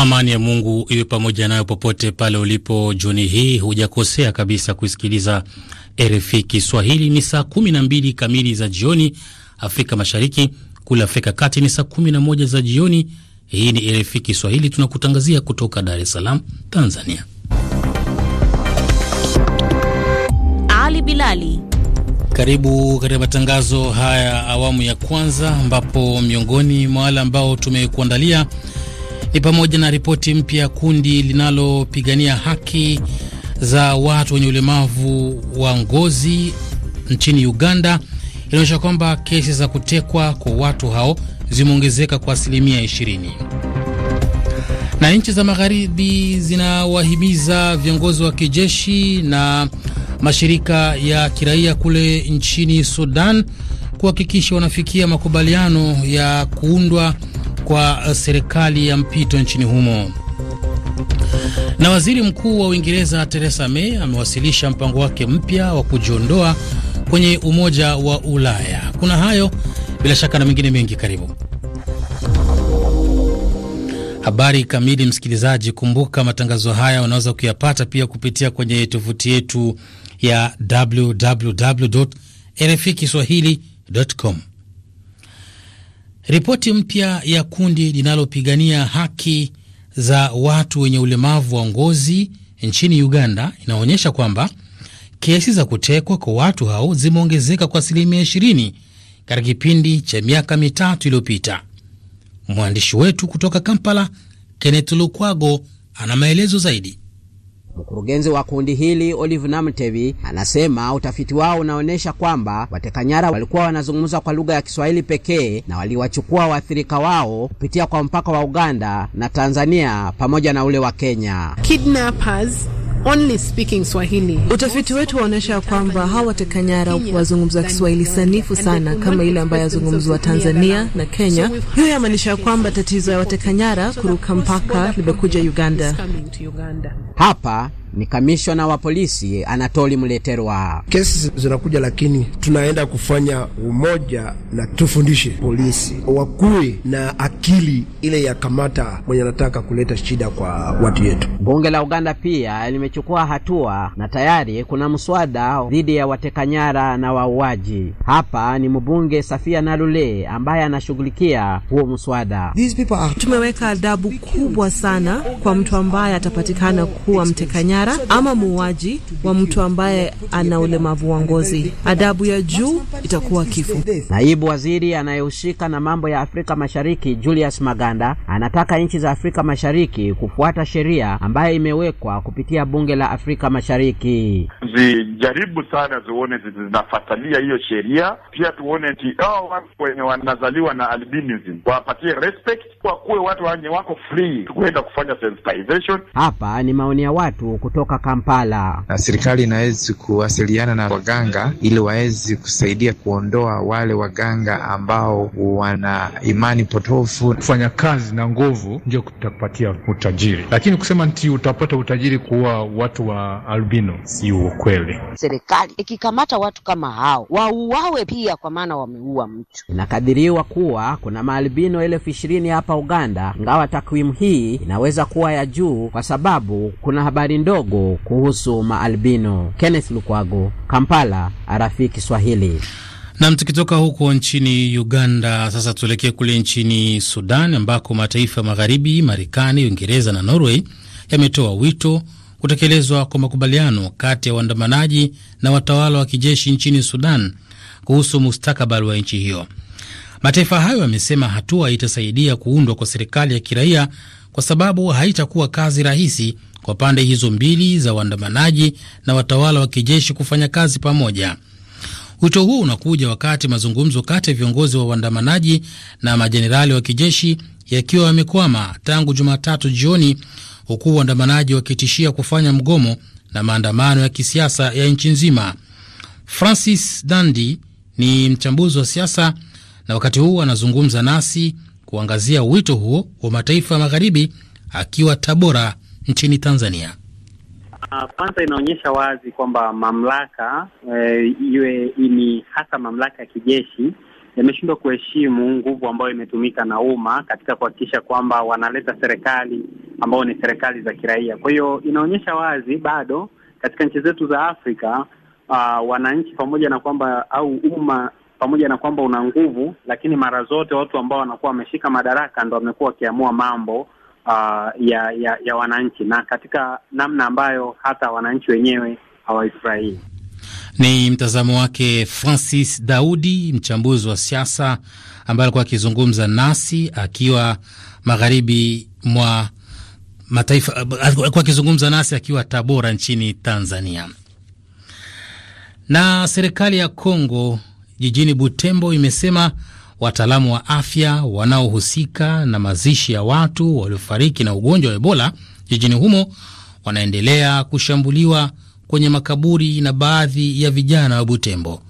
Amani ya Mungu iwe pamoja nayo popote pale ulipo. Jioni hii hujakosea kabisa kusikiliza RFI Kiswahili. Ni saa mbili kamili za jioni Afrika Mashariki, kule Afrika Kati ni saa moja za jioni. Hii ni RFI Kiswahili, tunakutangazia kutoka Dar es Salaam, Tanzania. Ali Bilali, karibu katika matangazo haya awamu ya kwanza, ambapo miongoni mwa wale ambao tumekuandalia ni pamoja na ripoti mpya ya kundi linalopigania haki za watu wenye ulemavu wa ngozi nchini Uganda inaonyesha kwamba kesi za kutekwa kwa watu hao zimeongezeka kwa asilimia 20. Na nchi za magharibi zinawahimiza viongozi wa kijeshi na mashirika ya kiraia kule nchini Sudan kuhakikisha wanafikia makubaliano ya kuundwa kwa uh, serikali ya mpito nchini humo. Na waziri mkuu wa Uingereza Theresa May amewasilisha mpango wake mpya wa kujiondoa kwenye Umoja wa Ulaya. Kuna hayo bila shaka na mengine mengi, karibu habari kamili. Msikilizaji, kumbuka matangazo haya unaweza kuyapata pia kupitia kwenye tovuti yetu ya www com Ripoti mpya ya kundi linalopigania haki za watu wenye ulemavu wa ngozi nchini Uganda inaonyesha kwamba kesi za kutekwa kwa watu hao zimeongezeka kwa asilimia 20 katika kipindi cha miaka mitatu iliyopita. Mwandishi wetu kutoka Kampala, Kenneth Lukwago, ana maelezo zaidi. Mkurugenzi wa kundi hili Olive Namtevi anasema utafiti wao unaonyesha kwamba watekanyara walikuwa wanazungumza kwa lugha ya Kiswahili pekee na waliwachukua waathirika wao kupitia kwa mpaka wa Uganda na Tanzania pamoja na ule wa Kenya. Kidnappers. Only speaking Swahili. Utafiti wetu waonyesha kwamba hawa watekanyara wazungumza Kiswahili sanifu sana kama ile ambayo yazungumzwa Tanzania na Kenya. Hiyo yamaanisha yamaanisha kwamba tatizo ya watekanyara kuruka mpaka limekuja Uganda. Hapa ni kamishona wa polisi Anatoli Mleterwa. Kesi zinakuja, lakini tunaenda kufanya umoja na tufundishe polisi wakuwe na akili ile ya kamata mwenye anataka kuleta shida kwa watu yetu. Bunge la Uganda pia limechukua hatua na tayari kuna mswada dhidi ya watekanyara na wauaji. Hapa ni mbunge Safia Nalule ambaye anashughulikia huo mswada. Tumeweka adabu kubwa sana kwa mtu ambaye atapatikana kuwa mtekanyara nyara ama muuaji wa mtu ambaye ana ulemavu wa ngozi. Adabu ya juu itakuwa kifo. Naibu waziri anayehusika na mambo ya Afrika Mashariki Julius Maganda anataka nchi za Afrika Mashariki kufuata sheria ambayo imewekwa kupitia bunge la Afrika Mashariki. Zijaribu sana zione zinafatalia hiyo sheria, pia tuone ti hao watu wenye wanazaliwa na albinism wapatie respect, wakuwe watu wenye wako free kuenda kufanya sensitization. Hapa ni maoni ya watu kutoka Kampala. Na serikali inawezi kuwasiliana na waganga ili wawezi kusaidia kuondoa wale waganga ambao wana imani potofu. Kufanya kazi na nguvu ndio kutakupatia utajiri, lakini kusema nti utapata utajiri kuwa watu wa albino si ukweli. Serikali ikikamata watu kama hao wauawe pia, kwa maana wameua mtu. Inakadiriwa kuwa kuna maalbino elfu ishirini hapa Uganda, ingawa takwimu hii inaweza kuwa ya juu kwa sababu kuna habari ndogo kidogo kuhusu maalbino. Kenneth Lukwago, Kampala, RFI Kiswahili. Nam, tukitoka huko nchini Uganda sasa tuelekee kule nchini Sudan ambako mataifa magharibi, Marekani, Uingereza na Norway yametoa wito kutekelezwa kwa makubaliano kati ya waandamanaji na watawala wa kijeshi nchini Sudan kuhusu mustakabali wa nchi hiyo. Mataifa hayo yamesema hatua itasaidia kuundwa kwa serikali ya kiraia, kwa sababu haitakuwa kazi rahisi kwa pande hizo mbili za waandamanaji na watawala wa kijeshi kufanya kazi pamoja. Wito huu unakuja wakati mazungumzo kati ya viongozi wa waandamanaji na majenerali wa kijeshi yakiwa yamekwama tangu Jumatatu jioni, huku waandamanaji wakitishia kufanya mgomo na maandamano ya kisiasa ya nchi nzima. Francis Dandi ni mchambuzi wa siasa na wakati huu anazungumza nasi kuangazia wito huo wa mataifa ya magharibi akiwa Tabora nchini Tanzania? Ah, kwanza inaonyesha wazi kwamba mamlaka e, iwe ni hasa mamlaka ya kijeshi yameshindwa kuheshimu nguvu ambayo imetumika na umma katika kuhakikisha kwamba wanaleta serikali ambao ni serikali za kiraia. Kwa hiyo inaonyesha wazi bado katika nchi zetu za Afrika uh, wananchi pamoja na kwamba au umma pamoja na kwamba una nguvu, lakini mara zote watu ambao wanakuwa wameshika madaraka ndo wamekuwa wakiamua mambo uh, ya, ya ya wananchi na katika namna ambayo hata wananchi wenyewe hawaifurahii. Ni mtazamo wake Francis Daudi, mchambuzi wa siasa ambaye alikuwa akizungumza nasi akiwa magharibi mwa mataifa, alikuwa akizungumza nasi akiwa Tabora nchini Tanzania. Na serikali ya Kongo jijini Butembo imesema wataalamu wa afya wanaohusika na mazishi ya watu waliofariki na ugonjwa wa Ebola jijini humo wanaendelea kushambuliwa kwenye makaburi na baadhi ya vijana wa Butembo.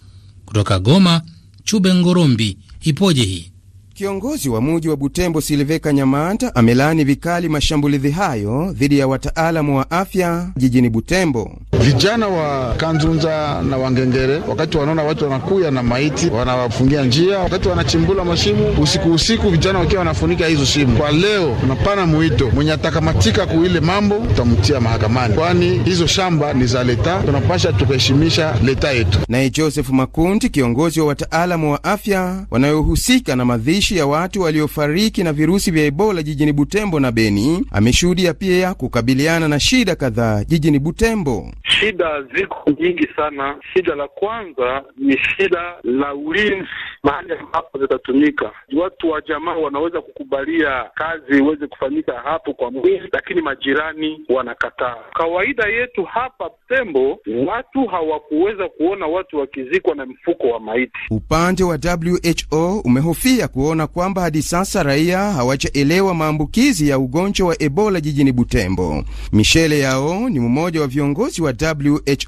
Kutoka Goma, Chube Ngorombi, ipoje hii Kiongozi wa muji wa Butembo siliveka Nyamata amelaani vikali mashambulizi hayo dhidi ya wataalamu wa afya jijini Butembo. Vijana wa Kanzunza na Wangengere, wakati wanaona watu wanakuya na maiti, wanawafungia njia, wakati wanachimbula mashimu usiku usiku, vijana wakiwa wanafunika hizo shimu. Kwa leo tunapana mwito, mwenye atakamatika kuile mambo tutamtia mahakamani, kwani hizo shamba ni za leta, tunapasha tukaheshimisha leta yetu. Naye Joseph Makundi, kiongozi wa wataalamu wa afya wanayohusika na madhishi mazishi ya watu waliofariki na virusi vya Ebola jijini Butembo na Beni, ameshuhudia pia kukabiliana na shida kadhaa jijini Butembo. Shida ziko nyingi sana. Shida la kwanza ni shida la ulinzi mahali ambapo zitatumika. Watu wa jamaa wanaweza kukubalia kazi iweze kufanyika hapo kwa mwili, lakini majirani wanakataa. Kawaida yetu hapa Tembo, watu hawakuweza kuona watu wakizikwa na mfuko wa maiti. Upande wa WHO umehofia kuona kwamba hadi sasa raia hawajaelewa maambukizi ya ugonjwa wa Ebola jijini Butembo. Michele Yao ni mmoja wa viongozi wa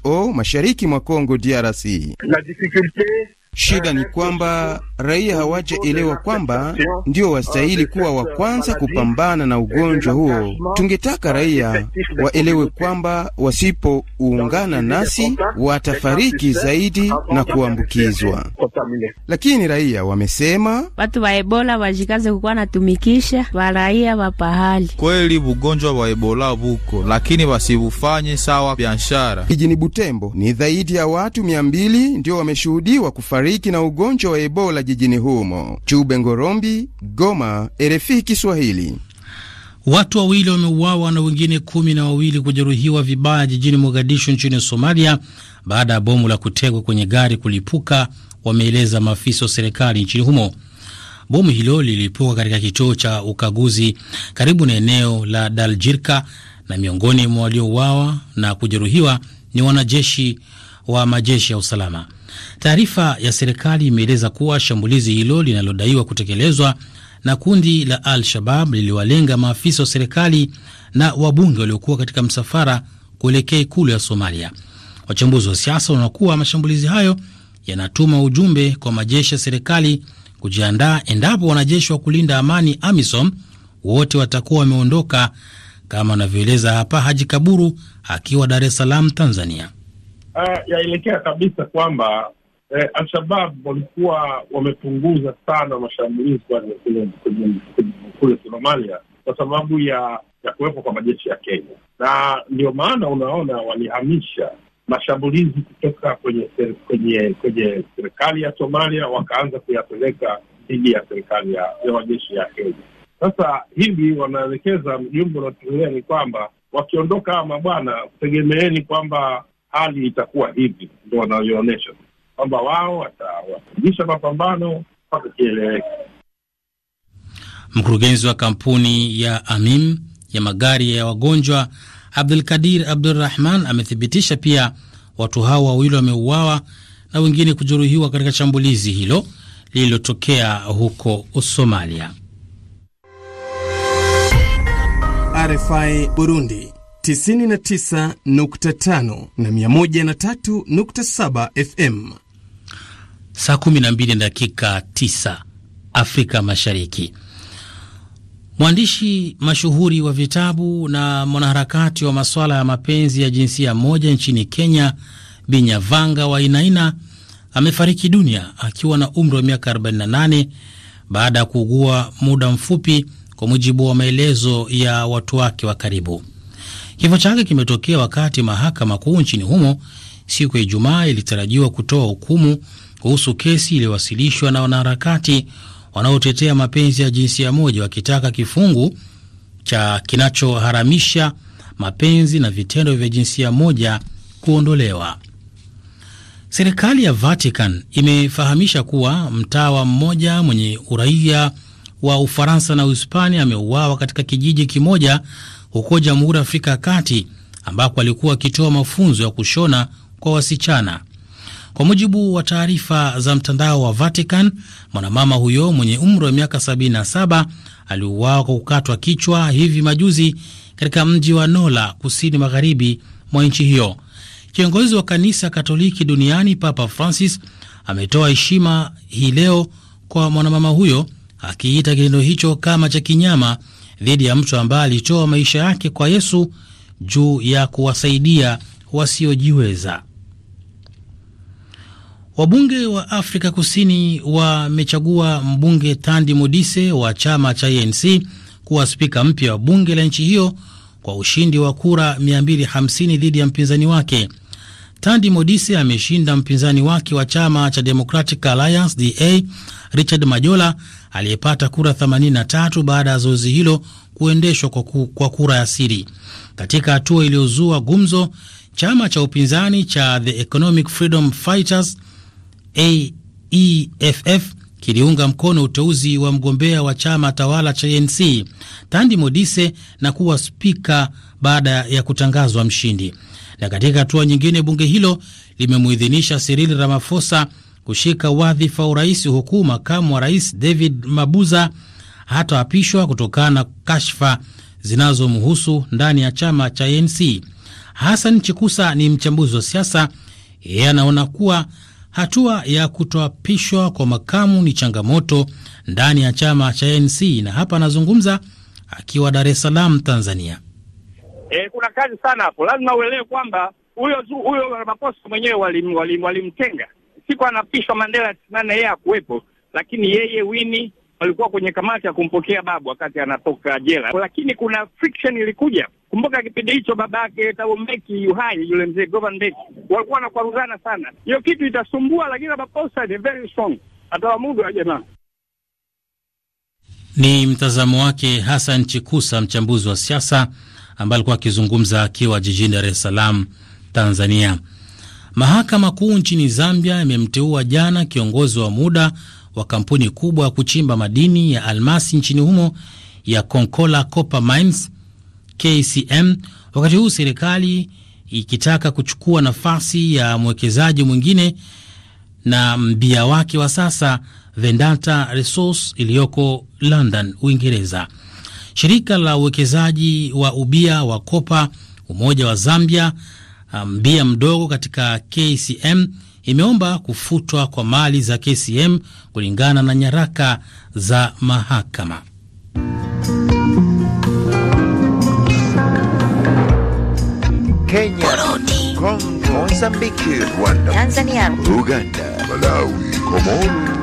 WHO mashariki mwa Congo DRC. La Shida ni kwamba raia hawajaelewa kwamba ndio wastahili kuwa wa kwanza kupambana na ugonjwa huo. Tungetaka raia waelewe kwamba wasipoungana nasi watafariki zaidi na kuambukizwa. Lakini raia wamesema watu wa Ebola wajikaze kukuwa natumikisha waraia wapahali kweli, bugonjwa wa Ebola buko, lakini wasibufanye sawa biashara. Jijini Butembo ni zaidi ya watu mia mbili ndio wameshuhudiwa kufariki na ugonjwa wa Ebola jijini humo. Chube Ngorombi, Goma, RFI Kiswahili. Watu wawili wameuawa na wengine kumi na wawili kujeruhiwa vibaya jijini Mogadishu nchini Somalia baada ya bomu la kutegwa kwenye gari kulipuka, wameeleza maafisa wa serikali nchini humo. Bomu hilo lilipuka katika kituo cha ukaguzi karibu na eneo la Daljirka, na miongoni mwa waliouawa na kujeruhiwa ni wanajeshi wa majeshi ya usalama. Taarifa ya serikali imeeleza kuwa shambulizi hilo linalodaiwa kutekelezwa na kundi la Al-Shabab liliwalenga maafisa wa serikali na wabunge waliokuwa katika msafara kuelekea ikulu ya Somalia. Wachambuzi wa siasa wanaona kuwa mashambulizi hayo yanatuma ujumbe kwa majeshi ya serikali kujiandaa endapo wanajeshi wa kulinda amani AMISOM wote watakuwa wameondoka, kama anavyoeleza hapa Haji Kaburu akiwa Dar es Salaam, Tanzania uh, yaelekea kabisa kwamba eh, Alshabab walikuwa wamepunguza sana mashambulizi kule Somalia kwa sababu ya ya kuwepo kwa majeshi ya Kenya, na ndio maana unaona walihamisha mashambulizi kutoka kwenye kwenye kwenye serikali ya Somalia wakaanza kuyapeleka dhidi ya serikali ya majeshi ya Kenya. Sasa hivi wanaelekeza, mjumbe unaotegelea ni kwamba wakiondoka hawa mabwana, tegemeeni kwamba hali itakuwa hivi, ndo wanavyoonyesha kwamba wao watawasilisha mapambano mpaka kieleweke. Mkurugenzi wa kampuni ya Amim ya magari ya wagonjwa Abdulkadir Abdurrahman amethibitisha pia watu hao wawili wameuawa na wengine kujeruhiwa katika shambulizi hilo lililotokea huko Somalia. RFI Burundi 99.5 na 103.7 FM. Saa dakika Afrika Mashariki. Mwandishi mashuhuri wa vitabu na mwanaharakati wa masuala ya mapenzi ya jinsia moja nchini Kenya, Binyavanga wa inaina amefariki dunia akiwa na umri wa miaka 48 baada ya kuugua muda mfupi, kwa mujibu wa maelezo ya watu wake wa karibu. Kifo chake kimetokea wakati mahakama kuu nchini humo siku ya Ijumaa ilitarajiwa kutoa hukumu kuhusu kesi iliyowasilishwa na wanaharakati wanaotetea mapenzi ya jinsia moja wakitaka kifungu cha kinachoharamisha mapenzi na vitendo vya jinsia moja kuondolewa. Serikali ya Vatican imefahamisha kuwa mtawa mmoja mwenye uraia wa Ufaransa na Uhispania ameuawa katika kijiji kimoja huko Jamhuri ya Afrika ya Kati ambako alikuwa akitoa mafunzo ya kushona kwa wasichana. Kwa mujibu wa taarifa za mtandao wa Vatican, mwanamama huyo mwenye umri wa miaka 77 aliuawa kwa kukatwa kichwa hivi majuzi katika mji wa Nola, kusini magharibi mwa nchi hiyo. Kiongozi wa kanisa Katoliki duniani Papa Francis ametoa heshima hii leo kwa mwanamama huyo akiita kitendo hicho kama cha kinyama dhidi ya mtu ambaye alitoa maisha yake kwa Yesu juu ya kuwasaidia wasiojiweza. Wabunge wa Afrika Kusini wamechagua mbunge tandi Modise wa chama cha ANC kuwa spika mpya wa bunge la nchi hiyo kwa ushindi wa kura 250 dhidi ya mpinzani wake. tandi Modise ameshinda mpinzani wake wa chama cha Democratic Alliance DA Richard Majola aliyepata kura 83 baada ya zoezi hilo kuendeshwa kwa, ku, kwa kura ya siri. Katika hatua iliyozua gumzo, chama cha upinzani cha The Economic Freedom Fighters AEFF kiliunga mkono uteuzi wa mgombea wa chama tawala cha ANC tandi Modise na kuwa spika baada ya kutangazwa mshindi. Na katika hatua nyingine, bunge hilo limemuidhinisha Cyril Ramaphosa kushika wadhifa urais, huku makamu wa rais David Mabuza hataapishwa kutokana na kashfa zinazomhusu ndani ya chama cha ANC. Hassan Chikusa ni mchambuzi wa siasa. Yeye anaona kuwa hatua ya kutoapishwa kwa makamu ni changamoto ndani ya chama cha ANC, na hapa anazungumza akiwa Dar es Salaam, Tanzania. E, kuna kazi sana hapo. Lazima uelewe kwamba huyo huyo mwenyewe walimtenga wali, wali siku anapishwa Mandela tisini yeye hakuwepo, lakini yeye wini walikuwa kwenye kamati ya kumpokea babu wakati anatoka jela, lakini kuna friction ilikuja. Kumbuka kipindi hicho baba yake Thabo Mbeki yuhai, yule mzee Govan Mbeki, walikuwa wanakwaruzana sana. Hiyo kitu itasumbua, lakini Ramaphosa ni very strong, atawamudu jamaa. Ni mtazamo wake Hassan Chikusa, mchambuzi wa siasa ambaye alikuwa akizungumza akiwa jijini Dar es Salaam, Tanzania. Mahakama Kuu nchini Zambia imemteua jana kiongozi wa muda wa kampuni kubwa ya kuchimba madini ya almasi nchini humo ya Konkola Copper Mines KCM, wakati huu serikali ikitaka kuchukua nafasi ya mwekezaji mwingine na mbia wake wa sasa vendata Resource iliyoko London, Uingereza. Shirika la uwekezaji wa ubia wa kopa Umoja wa Zambia mbia um, mdogo katika KCM imeomba kufutwa kwa mali za KCM kulingana na nyaraka za mahakama. Kenya, Burundi, Kongo, Mozambiki, Rwanda, Tanzania, Uganda, Malawi, Komoro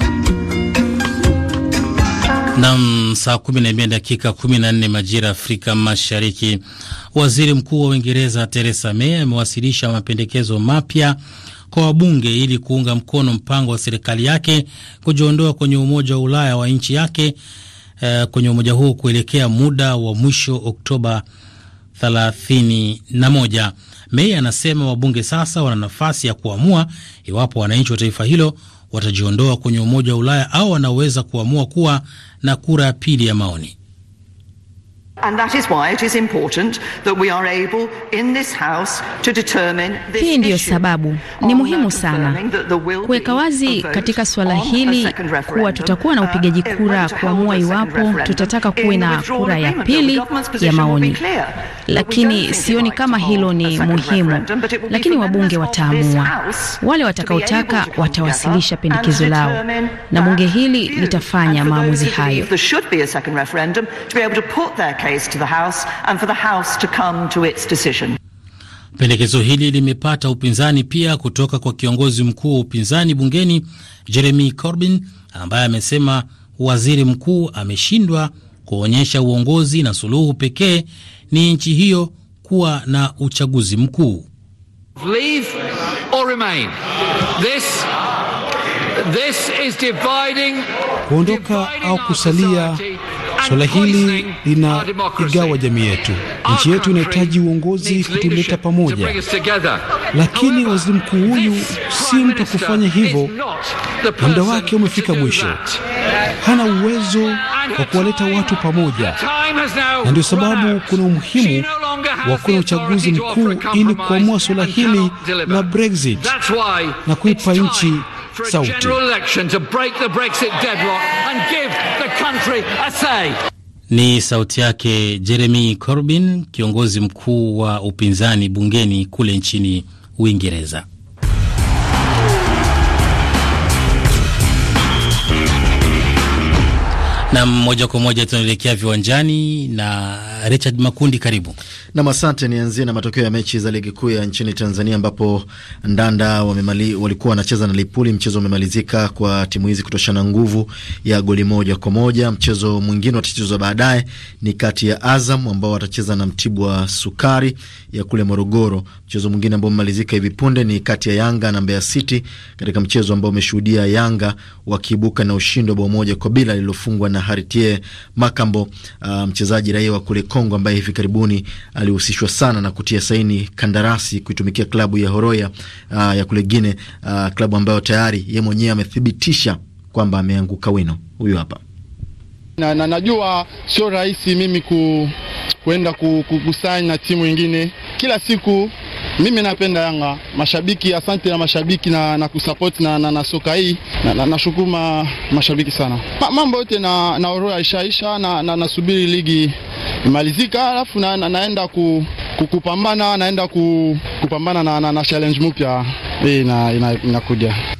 Nam, saa kumi na mbili dakika kumi na nne majira Afrika Mashariki. Waziri Mkuu wa Uingereza Theresa May amewasilisha mapendekezo mapya kwa wabunge ili kuunga mkono mpango wa serikali yake kujiondoa kwenye Umoja wa Ulaya wa nchi yake uh, kwenye umoja huo kuelekea muda wa mwisho Oktoba 31. May anasema wabunge sasa wana nafasi ya kuamua iwapo wananchi wa taifa hilo watajiondoa kwenye Umoja wa Ulaya au wanaweza kuamua kuwa na kura ya pili ya maoni. Hii ndiyo sababu ni muhimu sana kuweka wazi katika suala hili kuwa tutakuwa na upigaji uh, kura kuamua iwapo tutataka kuwe na kura ya pili ya maoni, lakini sioni kama hilo ni muhimu, lakini wabunge wataamua. Wale watakaotaka watawasilisha pendekezo lao na bunge hili litafanya maamuzi hayo case to the House and for the House to come to its decision. Pendekezo hili limepata upinzani pia kutoka kwa kiongozi mkuu wa upinzani bungeni Jeremy Corbyn ambaye amesema waziri mkuu ameshindwa kuonyesha uongozi na suluhu pekee ni nchi hiyo kuwa na uchaguzi mkuu. Leave or remain. This, this is dividing, kuondoka au kusalia Swala hili linaigawa jamii yetu. Nchi yetu inahitaji uongozi kutuleta pamoja, lakini waziri mkuu huyu si mtu kufanya hivyo, na muda wake umefika mwisho. Hana uwezo wa kuwaleta watu pamoja, na ndio sababu kuna umuhimu wa kuna uchaguzi mkuu ili kuamua swala hili la Brexit na kuipa nchi for a so general election to break the Brexit deadlock and give the country a say. Ni sauti yake Jeremy Corbyn, kiongozi mkuu wa upinzani bungeni kule nchini Uingereza. Na moja kwa moja tunaelekea viwanjani na Richard Makundi, karibu nam. Asante, nianzie na matokeo ya mechi za ligi kuu ya nchini Tanzania ambapo Ndanda wamemali, walikuwa wanacheza na Lipuli. Mchezo umemalizika kwa timu hizi kutoshana nguvu ya goli moja kwa moja. Mchezo mwingine watachezwa baadaye ni kati ya Azam ambao watacheza na Mtibwa Sukari ya kule Morogoro. Mchezo mwingine ambao umemalizika hivi punde ni kati ya Yanga na Mbeya City, katika mchezo ambao umeshuhudia Yanga wakiibuka na ushindi wa bao moja kwa bila lililofungwa na Haritie Makambo, uh, mchezaji raia wa kule Kongo ambaye hivi karibuni alihusishwa sana na kutia saini kandarasi kuitumikia klabu ya Horoya uh, ya kule Guine, uh, klabu ambayo tayari ye mwenyewe amethibitisha kwamba ameanguka wino. Huyu hapa na, na najua sio rahisi mimi ku, kuenda kukusanya timu ingine kila siku. Mimi napenda Yanga, mashabiki asante na mashabiki na, na kusapoti na, na, na soka hii nashukuru na, na mashabiki sana. Ma, mambo yote na, na oroa ishaisha na, na, nasubiri ligi imalizika, alafu na, na, naenda ku, kupambana naenda ku, kupambana na, na, na challenge mpya hii inakuja ina, ina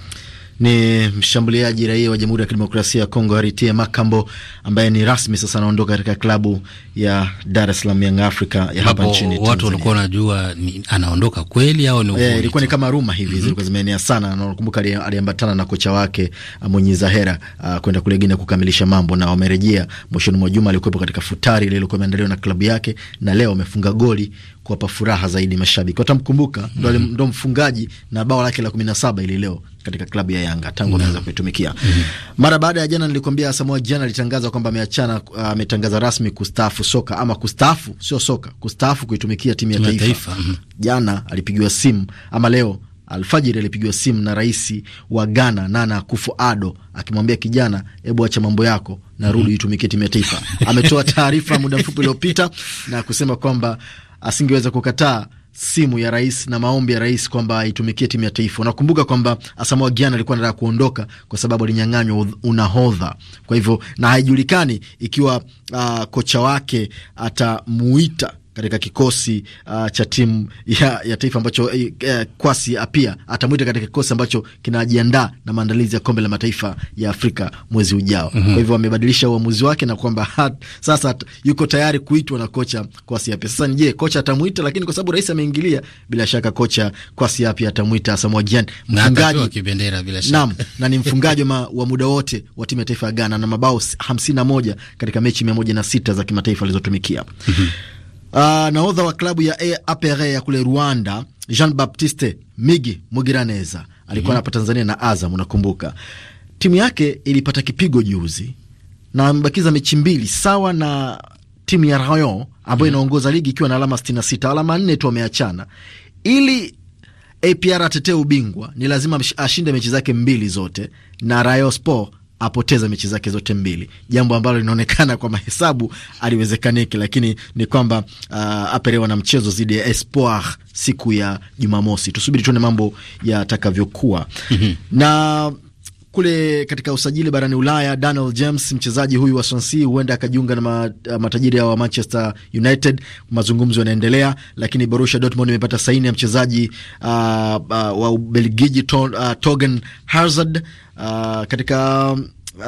ni mshambuliaji raia wa Jamhuri ya Kidemokrasia ya Kongo Aritie Makambo ambaye ni rasmi sasa anaondoka katika klabu ya Dar es Salaam Young Africa ya hapa nchini Tanzania. Watu walikuwa wanajua anaondoka kweli au ni eh, ukweli? ilikuwa ni kama ruma hivi mm -hmm. zilikuwa mhm. zimeenea sana na nakumbuka aliambatana na kocha wake ah, Mwenye Zahera ah, kwenda kule Gine kukamilisha mambo na wamerejea mwishoni mwa juma. Alikuwepo katika futari ile iliyokuwa imeandaliwa na klabu yake na leo amefunga goli kuwapa furaha zaidi mashabiki. Watamkumbuka ndo, mm -hmm. ndo mfungaji na bao lake la kumi na saba ili leo katika klabu ya Yanga tangu ameanza no. Mm-hmm. kuitumikia mm -hmm. mara baada ya jana, nilikwambia Samoa jana alitangaza kwamba ameachana, uh, ametangaza uh, rasmi kustaafu soka ama kustaafu, sio soka, kustaafu kuitumikia timu ya taifa, taifa. Mm -hmm. Jana alipigiwa simu ama leo alfajiri alipigiwa simu na rais wa Ghana Nana Akufo-Addo akimwambia kijana, hebu acha mambo yako na rudi mm -hmm. itumikie timu ya taifa. Ametoa taarifa muda mfupi uliopita na kusema kwamba asingeweza kukataa simu ya rais na maombi ya rais kwamba aitumikie timu ya taifa. Unakumbuka kwamba Asamoah Gyan alikuwa anataka kuondoka kwa sababu alinyang'anywa unahodha, kwa hivyo na haijulikani ikiwa uh, kocha wake atamuita katika kikosi uh, cha timu ya, ya taifa ambacho uh, kwasi pia atamwita katika kikosi ambacho kinajiandaa na maandalizi ya kombe la mataifa ya Afrika mwezi ujao. Mm -hmm. Kwa hivyo amebadilisha uamuzi wake na kwamba sasa yuko tayari kuitwa na kocha kwasi apia. Sasa je, kocha atamwita? Lakini kwa sababu rais ameingilia, bila shaka kocha kwasi apia atamwita Samoei Gyan, mfungaji wa kibendera bila shaka. Naam, na ni mfungaji wa muda wote wa timu ya taifa ya Ghana na mabao 51 katika mechi 106 za kimataifa alizotumikia. Mm -hmm. Uh, nahodha wa klabu ya APR ya kule Rwanda Jean Baptiste Migi Mugiraneza alikuwa napa mhm. mm -hmm. Tanzania na Azam, unakumbuka timu yake ilipata kipigo juzi na amebakiza mechi mbili sawa na timu ya Rayon ambayo mhm. inaongoza mm -hmm. ligi ikiwa na alama 66, alama nne tu ameachana. Ili APR atetee ubingwa ni lazima ashinde mechi zake mbili zote na Rayon Sport apoteza mechi zake zote mbili, jambo ambalo linaonekana kwa mahesabu aliwezekaniki, lakini ni kwamba uh, aperewa na mchezo dhidi ya Espoir siku ya Jumamosi. Tusubiri tuone mambo yatakavyokuwa. mm -hmm. na kule katika usajili barani Ulaya, Daniel James, mchezaji huyu wa Swansea, huenda akajiunga na uh, matajiri hao wa Manchester United. Mazungumzo yanaendelea, lakini Borussia Dortmund imepata saini ya mchezaji uh, uh, wa Ubelgiji to, uh, Togen Hazard uh, katika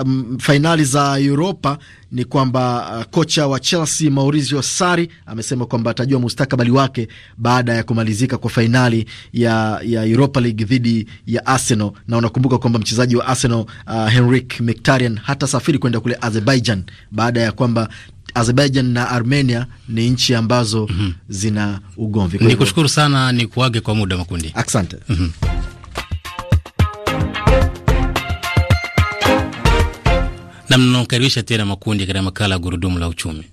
um, fainali za Europa ni kwamba uh, kocha wa Chelsea Maurizio Sari amesema kwamba atajua mustakabali wake baada ya kumalizika kwa fainali ya, ya Europa League dhidi ya Arsenal. Na unakumbuka kwamba mchezaji wa Arsenal uh, Henrik Mkhitaryan safiri kwenda kule Azerbaijan baada ya kwamba Azerbaijan na Armenia ni nchi ambazo mm -hmm. zina ugomvi. kushukuru sana, ni kuage kwa muda makundi. Asante. mm -hmm. na mnakaribisha tena makundi katika makala ya gurudumu la uchumi.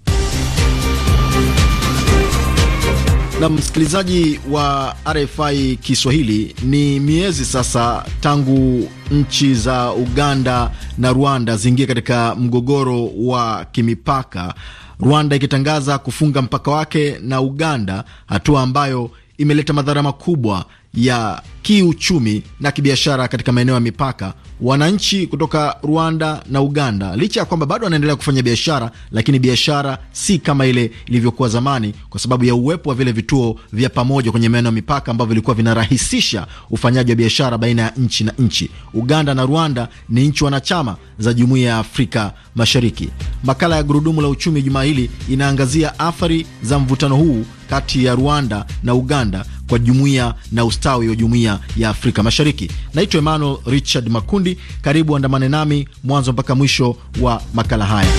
Na msikilizaji wa RFI Kiswahili, ni miezi sasa tangu nchi za Uganda na Rwanda ziingie katika mgogoro wa kimipaka, Rwanda ikitangaza kufunga mpaka wake na Uganda, hatua ambayo imeleta madhara makubwa ya kiuchumi na kibiashara katika maeneo ya mipaka. Wananchi kutoka Rwanda na Uganda, licha ya kwamba bado wanaendelea kufanya biashara, lakini biashara si kama ile ilivyokuwa zamani, kwa sababu ya uwepo wa vile vituo vya pamoja kwenye maeneo ya mipaka ambavyo vilikuwa vinarahisisha ufanyaji wa biashara baina ya nchi na nchi. Uganda na Rwanda ni nchi wanachama za Jumuiya ya Afrika Mashariki. Makala ya Gurudumu la Uchumi jumaa hili inaangazia athari za mvutano huu kati ya Rwanda na Uganda kwa jumuiya na ustawi wa jumuiya jumuiya ya Afrika Mashariki. Naitwa Emmanuel Richard Makundi, karibu andamane nami mwanzo mpaka mwisho wa makala haya.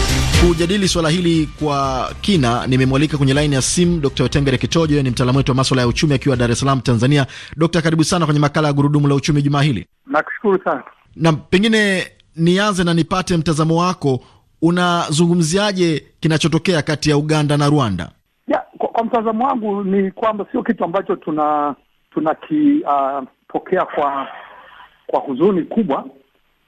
Kujadili swala hili kwa kina, nimemwalika kwenye laini ya simu Dr. Wetengere Kitojo, ni mtaalamu wetu wa maswala ya uchumi akiwa Dar es Salaam, Tanzania. Dokta, karibu sana kwenye makala ya gurudumu la uchumi jumaa hili. Nakushukuru sana. Na pengine nianze na nipate mtazamo wako, unazungumziaje kinachotokea kati ya Uganda na Rwanda? Ya, kwa, kwa mtazamo wangu ni kwamba sio kitu ambacho tuna tunakipokea ah, uh, kwa kwa huzuni kubwa,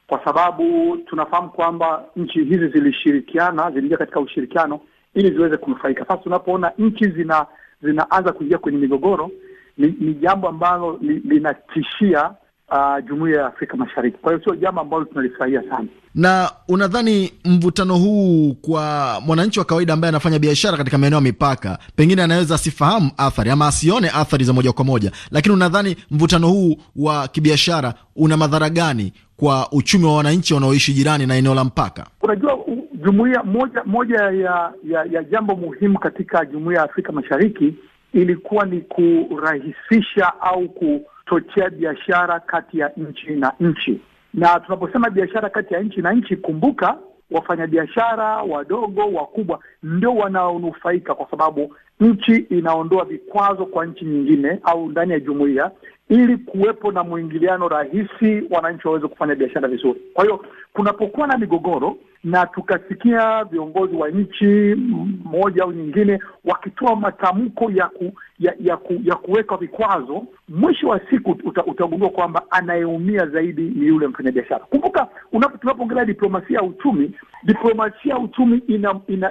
kwa sababu tunafahamu kwamba nchi hizi zilishirikiana, ziliingia katika ushirikiano ili ziweze kunufaika. Sasa tunapoona nchi zina zinaanza kuingia kwenye migogoro, ni, ni jambo ambalo linatishia uh, jumuiya ya Afrika Mashariki. Kwa hiyo sio jambo ambalo tunalifurahia sana. Na unadhani mvutano huu kwa mwananchi wa kawaida ambaye anafanya biashara katika maeneo ya mipaka, pengine anaweza asifahamu athari ama asione athari za moja kwa moja, lakini unadhani mvutano huu wa kibiashara una madhara gani kwa uchumi wa wananchi wanaoishi jirani na eneo la mpaka? Unajua, jumuiya moja moja ya, ya, ya jambo muhimu katika jumuiya ya Afrika Mashariki ilikuwa ni kurahisisha au ku kuchochea biashara kati ya nchi na nchi. Na tunaposema biashara kati ya nchi na nchi, kumbuka wafanyabiashara wadogo wakubwa ndio wanaonufaika, kwa sababu nchi inaondoa vikwazo kwa nchi nyingine au ndani ya jumuiya, ili kuwepo na mwingiliano rahisi, wananchi waweze kufanya biashara vizuri. Kwa hiyo kunapokuwa na migogoro na tukasikia viongozi wa nchi moja au nyingine wakitoa matamko ya ku, ya ya, ku, ya kuweka vikwazo, mwisho wa siku uta, utagundua kwamba anayeumia zaidi ni yule mfanyabiashara. Kumbuka, tunapoongelea diplomasia ya uchumi, diplomasia ya uchumi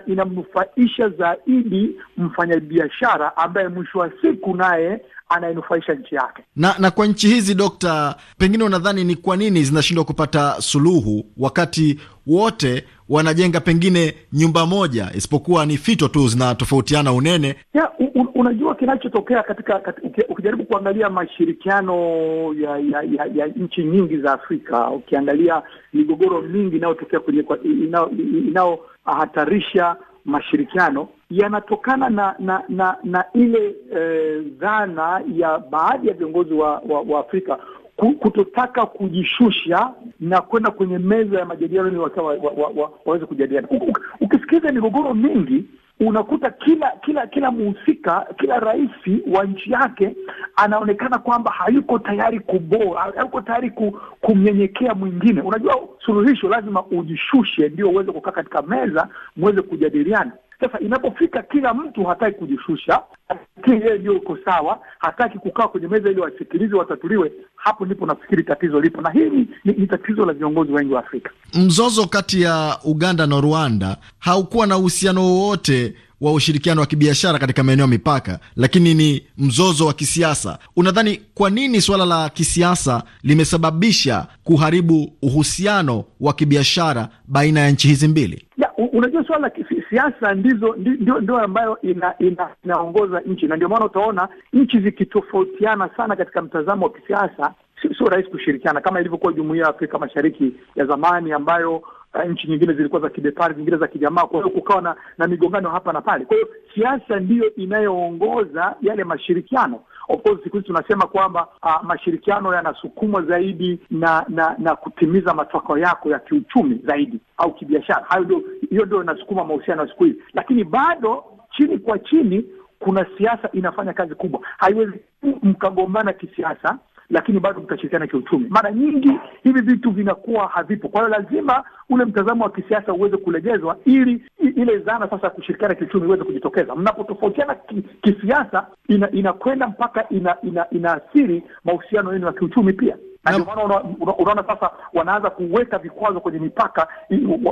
inamnufaisha ina, ina zaidi mfanyabiashara ambaye mwisho wa siku naye anayenufaisha nchi yake. Na na kwa nchi hizi, Dokta, pengine unadhani ni kwa nini zinashindwa kupata suluhu wakati wote wanajenga pengine nyumba moja, isipokuwa ni fito tu zinatofautiana unene ya, un, unajua kinachotokea katika, katika ukijaribu kuangalia mashirikiano ya, ya, ya, ya nchi nyingi za Afrika, ukiangalia migogoro mingi inayotokea inayohatarisha mashirikiano yanatokana na na na, na ile eh, dhana ya baadhi ya viongozi wa, wa, wa Afrika kutotaka kujishusha na kwenda kwenye meza ya majadiliano ili wakiwa waweze wa, wa, wa, kujadiliana. Ukisikiliza migogoro mingi unakuta kila kila kila mhusika, kila rais wa nchi yake anaonekana kwamba hayuko tayari kuboa, hayuko tayari ku, kumnyenyekea mwingine. Unajua, suluhisho lazima ujishushe ndio uweze kukaa katika meza muweze kujadiliana. Sasa inapofika kila mtu hataki kujishusha, yeye ndio uko sawa, hataki kukaa kwenye meza ili wasikilizwe, watatuliwe. Hapo ndipo nafikiri tatizo lipo, na hili ni, ni, ni tatizo la viongozi wengi wa Afrika. Mzozo kati ya Uganda na Rwanda haukuwa na uhusiano wowote wa ushirikiano wa kibiashara katika maeneo ya mipaka, lakini ni mzozo wa kisiasa. Unadhani kwa nini suala la kisiasa limesababisha kuharibu uhusiano wa kibiashara baina ya nchi hizi mbili? Ya, unajua suala la siasa ndizo ndio, ndio ambayo ina, ina, inaongoza nchi, na ndio maana utaona nchi zikitofautiana sana katika mtazamo wa kisiasa, sio so rahisi kushirikiana kama ilivyokuwa jumuia ya Afrika Mashariki ya zamani ambayo eh, nchi nyingine zilikuwa za kibepari, zingine za kijamaa. Kwa hiyo kukawa na, na migongano hapa na pale. Kwa hiyo siasa ndiyo inayoongoza yale mashirikiano. Of course siku hizi tunasema kwamba uh, mashirikiano yanasukumwa zaidi na na na kutimiza matakwa yako ya kiuchumi zaidi au kibiashara. Hayo ndio, hiyo ndio inasukuma mahusiano ya siku hizi, lakini bado chini kwa chini kuna siasa inafanya kazi kubwa. Haiwezi mkagombana kisiasa lakini bado mtashirikiana kiuchumi. Mara nyingi hivi vitu vinakuwa havipo, kwa hiyo lazima ule mtazamo wa kisiasa uweze kulegezwa, ili ile dhana sasa ya kushirikiana kiuchumi iweze kujitokeza. Mnapotofautiana ki, kisiasa inakwenda ina mpaka inaathiri ina, ina mahusiano yenu ya kiuchumi pia na ndio maana unaona sasa wanaanza kuweka vikwazo kwenye mipaka,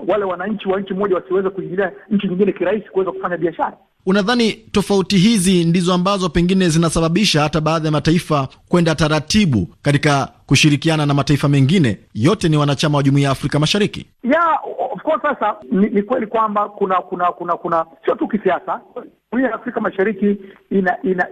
wale wananchi wa nchi moja wasiweze kuingilia nchi nyingine kirahisi kuweza kufanya biashara. Unadhani tofauti hizi ndizo ambazo pengine zinasababisha hata baadhi ya mataifa kwenda taratibu katika kushirikiana na mataifa mengine? Yote ni wanachama wa jumuiya ya Afrika Mashariki. Yeah, of course. Sasa ni, ni kweli kwamba kuna kuna kuna kuna sio tu kisiasa Jumuiya ya Afrika Mashariki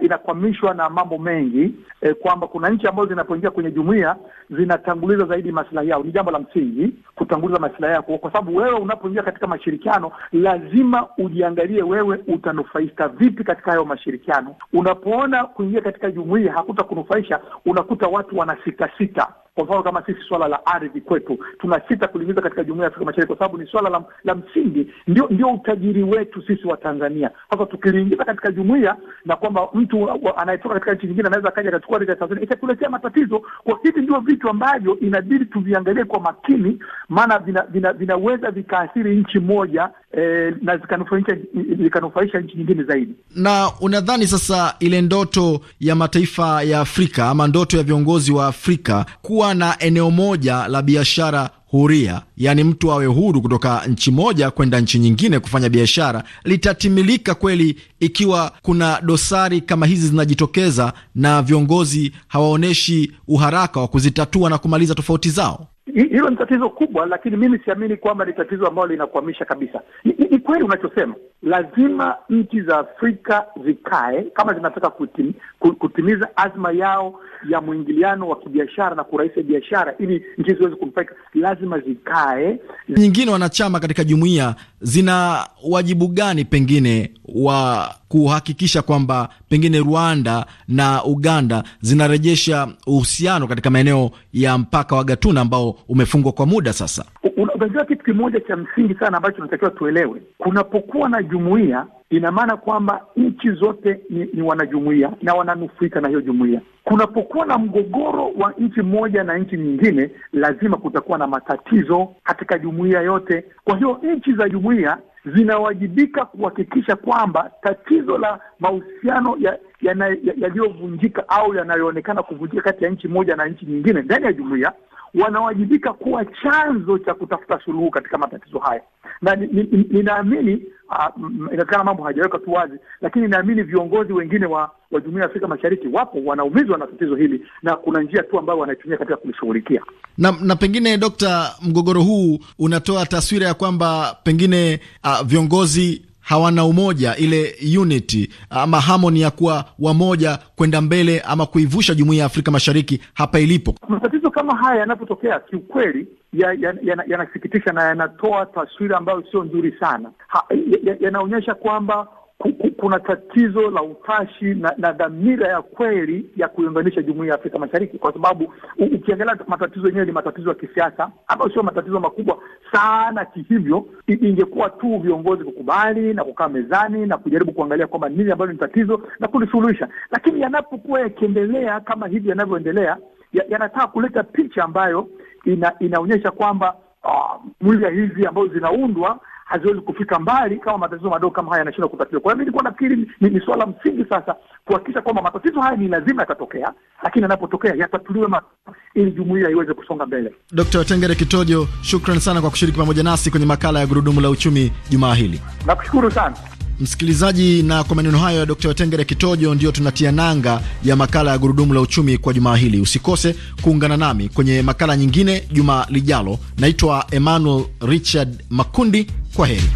inakwamishwa ina, ina na mambo mengi eh, kwamba kuna nchi ambazo zinapoingia kwenye jumuiya zinatanguliza zaidi maslahi yao. Ni jambo la msingi kutanguliza maslahi yako, kwa sababu wewe unapoingia katika mashirikiano lazima ujiangalie wewe utanufaika vipi katika hayo mashirikiano. Unapoona kuingia katika jumuiya hakuta kunufaisha, unakuta watu wanasitasita kwa mfano kama sisi, swala la ardhi kwetu tunasita kulimiza katika jumuiya ya Afrika Mashariki kwa sababu ni swala la, la msingi, ndio ndio utajiri wetu sisi wa Tanzania. Sasa tukiliingiza katika jumuiya na kwamba mtu anayetoka katika nchi nyingine anaweza akaja akachukua ardhi ya Tanzania, itatuletea matatizo. Kwa hivi ndio vitu ambavyo inabidi tuviangalie kwa makini, maana vinaweza vina, vina vikaathiri nchi moja eh, na zikanufaisha zikanufaisha nchi nyingine zaidi. Na unadhani sasa ile ndoto ya mataifa ya Afrika ama ndoto ya viongozi wa Afrika kuwa kuwa na eneo moja la biashara huria, yaani mtu awe huru kutoka nchi moja kwenda nchi nyingine kufanya biashara, litatimilika kweli ikiwa kuna dosari kama hizi zinajitokeza na viongozi hawaonyeshi uharaka wa kuzitatua na kumaliza tofauti zao? hilo ni tatizo kubwa, lakini mimi siamini kwamba ni tatizo ambalo linakwamisha kabisa. Ni kweli unachosema, lazima nchi za Afrika zikae kama zinataka kutim, kutimiza azma yao ya mwingiliano wa kibiashara na kurahisisha biashara ili nchi ziweze kunufaika, lazima zikae. Nyingine wanachama katika jumuiya zina wajibu gani pengine wa kuhakikisha kwamba pengine Rwanda na Uganda zinarejesha uhusiano katika maeneo ya mpaka wa Gatuna ambao umefungwa kwa muda sasa. Unajua, kitu kimoja cha msingi sana ambacho tunatakiwa tuelewe, kunapokuwa na jumuiya, ina maana kwamba nchi zote ni, ni wanajumuiya na wananufaika na hiyo jumuiya. Kunapokuwa na mgogoro wa nchi moja na nchi nyingine, lazima kutakuwa na matatizo katika jumuiya yote. Kwa hiyo nchi za jumuiya zinawajibika kuhakikisha kwamba tatizo la mahusiano yaliyovunjika ya, ya, ya au yanayoonekana kuvunjika kati ya nchi moja na nchi nyingine ndani ya jumuiya wanawajibika kuwa chanzo cha kutafuta suluhu katika matatizo haya, na ninaamini ah, mm, inawezekana mambo hajaweka tu wazi, lakini ninaamini viongozi wengine wa, wa jumuiya ya Afrika Mashariki wapo wanaumizwa na tatizo hili, na kuna njia tu ambayo wanaitumia katika kulishughulikia. Na, na pengine Dokta, mgogoro huu unatoa taswira ya kwamba pengine uh, viongozi hawana umoja, ile unity ama harmony ya kuwa wamoja kwenda mbele ama kuivusha jumuiya ya Afrika Mashariki hapa ilipo. Matatizo kama haya yanapotokea, kiukweli yanasikitisha ya, ya, ya na yanatoa taswira ambayo sio nzuri sana, yanaonyesha ya kwamba kuna tatizo la utashi na, na dhamira ya kweli ya kuiunganisha jumuiya ya Afrika Mashariki, kwa sababu ukiangalia matatizo yenyewe ni matatizo ya kisiasa, ambayo sio matatizo makubwa sana kihivyo. Ingekuwa tu viongozi kukubali na kukaa mezani na kujaribu kuangalia kwamba nini ambalo ni tatizo na kulisuluhisha, lakini yanapokuwa yakiendelea kama hivi yanavyoendelea, yanataka ya kuleta picha ambayo ina, inaonyesha kwamba uh, mwili hizi ambazo zinaundwa haziwezi kufika mbali kama matatizo madogo kama haya yanashindwa kutatuliwa. Kwa hiyo nilikuwa nafikiri ni, ni, suala msingi sasa kuhakikisha kwamba matatizo haya ni lazima yatatokea, lakini yanapotokea yatatuliwe ili jumuiya iweze kusonga mbele. Dkt. Tengere Kitojo, shukran sana kwa kushiriki pamoja nasi kwenye makala ya Gurudumu la Uchumi jumaa hili. Nakushukuru sana. Msikilizaji, na kwa maneno hayo ya Dkt. Wetengere Kitojo, ndiyo tunatia nanga ya makala ya Gurudumu la Uchumi kwa jumaa hili. Usikose kuungana nami kwenye makala nyingine juma lijalo. Naitwa Emmanuel Richard Makundi, kwa heri.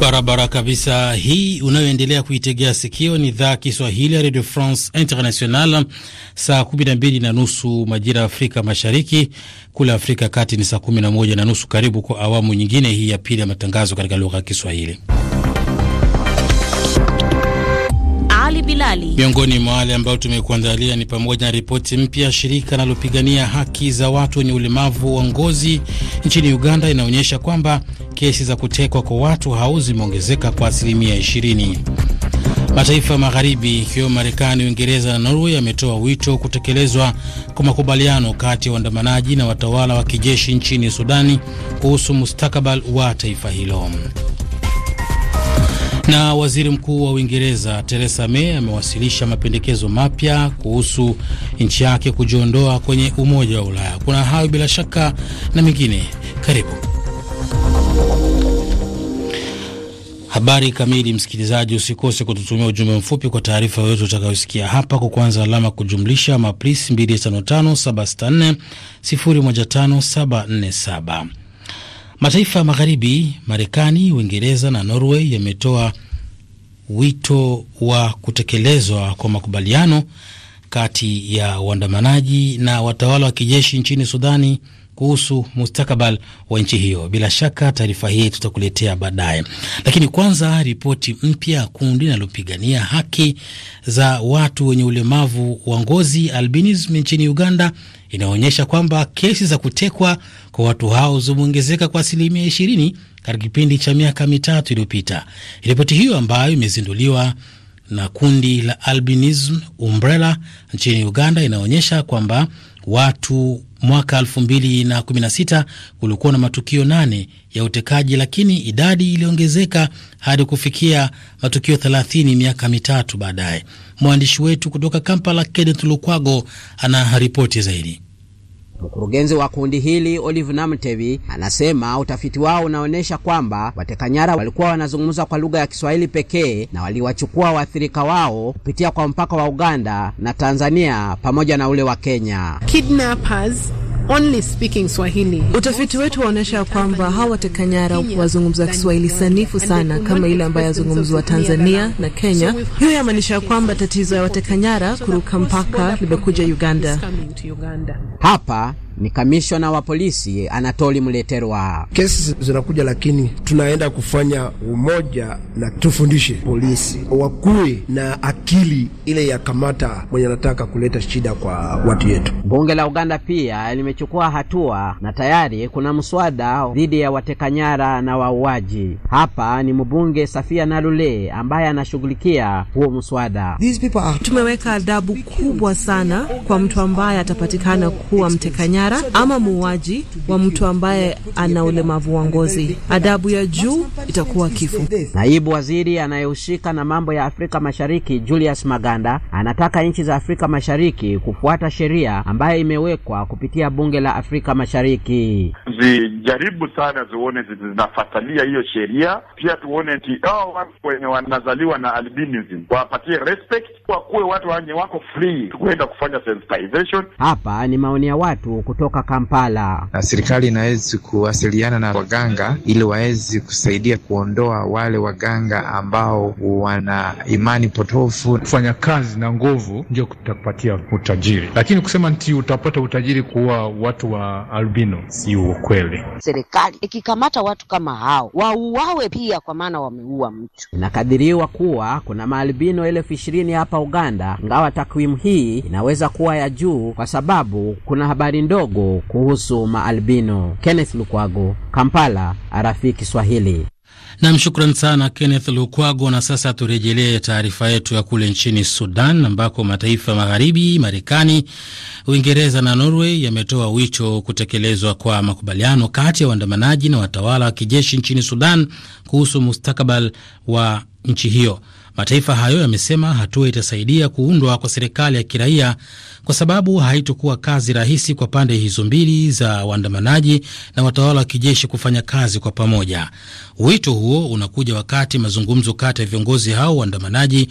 Barabara kabisa. Hii unayoendelea kuitegea sikio ni idhaa Kiswahili ya Radio France International. Saa 12 na nusu majira ya Afrika Mashariki, kule Afrika Kati ni saa 11 na nusu. Karibu kwa awamu nyingine hii ya pili ya matangazo katika lugha ya Kiswahili. serikali. Miongoni mwa wale ambao tumekuandalia ni pamoja na ripoti mpya shirika linalopigania haki za watu wenye ulemavu wa ngozi nchini Uganda inaonyesha kwamba kesi za kutekwa kwa watu hao zimeongezeka kwa asilimia 20. Mataifa ya magharibi ikiwemo Marekani, Uingereza na Norway yametoa wito kutekelezwa kwa makubaliano kati ya waandamanaji na watawala wa kijeshi nchini Sudani kuhusu mustakabali wa taifa hilo. Na waziri mkuu wa Uingereza Theresa May amewasilisha mapendekezo mapya kuhusu nchi yake kujiondoa kwenye Umoja wa Ulaya. Kuna hayo bila shaka na mengine, karibu Habari kamili, msikilizaji, usikose kututumia ujumbe mfupi kwa taarifa yoyote utakayosikia hapa kwa kwanza alama kujumlisha maplis 255 Mataifa ya magharibi, Marekani, Uingereza na Norway yametoa wito wa kutekelezwa kwa makubaliano kati ya waandamanaji na watawala wa kijeshi nchini Sudani kuhusu mustakabal wa nchi hiyo. Bila shaka taarifa hii tutakuletea baadaye, lakini kwanza, ripoti mpya kundi linalopigania haki za watu wenye ulemavu wa ngozi albinism nchini Uganda inaonyesha kwamba kesi za kutekwa kwa watu hao zimeongezeka kwa asilimia 20 katika kipindi cha miaka mitatu iliyopita. Ripoti hiyo ambayo imezinduliwa na kundi la Albinism Umbrella nchini Uganda inaonyesha kwamba watu mwaka 2016 kulikuwa na matukio nane ya utekaji, lakini idadi iliongezeka hadi kufikia matukio 30 miaka mitatu baadaye. Mwandishi wetu kutoka Kampala, Kenneth Lukwago, ana ripoti zaidi. Mkurugenzi wa kundi hili Olive Namtevi anasema utafiti wao unaonyesha kwamba watekanyara walikuwa wanazungumza kwa lugha ya Kiswahili pekee na waliwachukua waathirika wao kupitia kwa mpaka wa Uganda na Tanzania pamoja na ule wa Kenya. Kidnappers only speaking Swahili. Utafiti wetu waonyesha kwamba hawa watekanyara wazungumza Kiswahili sanifu sana kama ile ambayo yazungumzwa Tanzania na Kenya. Hiyo yamaanisha kwamba tatizo ya watekanyara kuruka mpaka limekuja Uganda. Hapa ni kamishona wa polisi Anatoli Mleterwa. Kesi zinakuja, lakini tunaenda kufanya umoja na tufundishe polisi wakuwe na akili ile ya kamata mwenye anataka kuleta shida kwa watu yetu. Bunge la Uganda pia limechukua hatua na tayari kuna mswada dhidi ya watekanyara na wauaji. Hapa ni mbunge Safia Nalule ambaye anashughulikia huo mswada. Tumeweka adabu kubwa sana kwa mtu ambaye atapatikana kuwa mtekanyara nyara ama muuaji wa mtu ambaye ana ulemavu wa ngozi. Adabu ya juu itakuwa kifo. Naibu waziri anayehusika na mambo ya Afrika Mashariki Julius Maganda anataka nchi za Afrika Mashariki kufuata sheria ambayo imewekwa kupitia bunge la Afrika Mashariki. Zijaribu sana zione zinafatalia hiyo sheria, pia tuone ti hao oh, watu wenye wanazaliwa na albinism wapatie respect, wakuwe watu wenye wako free kwenda kufanya sensitization. Hapa ni maoni ya watu kutoka Kampala. Na serikali inawezi kuwasiliana na waganga ili wawezi kusaidia kuondoa wale waganga ambao wana imani potofu. Kufanya kazi na nguvu ndio kutapatia utajiri, lakini kusema nti utapata utajiri kuwa watu wa albino si ukweli. Serikali ikikamata watu kama hao wauawe pia, kwa maana wameua mtu. Inakadiriwa kuwa kuna maalbino elfu ishirini hapa Uganda, ingawa takwimu hii inaweza kuwa ya juu kwa sababu kuna habari ndogo kidogo kuhusu maalbino. Kenneth Lukwago, Kampala, RFI Kiswahili. Nam, shukran sana Kenneth Lukwago. Na sasa turejelee taarifa yetu ya kule nchini Sudan, ambako mataifa magharibi, Marekani, Uingereza na Norway yametoa wito kutekelezwa kwa makubaliano kati ya waandamanaji na watawala wa kijeshi nchini Sudan kuhusu mustakabali wa nchi hiyo. Mataifa hayo yamesema hatua itasaidia kuundwa kwa serikali ya kiraia, kwa sababu haitokuwa kazi rahisi kwa pande hizo mbili za waandamanaji na watawala wa kijeshi kufanya kazi kwa pamoja. Wito huo unakuja wakati mazungumzo kati ya viongozi hao waandamanaji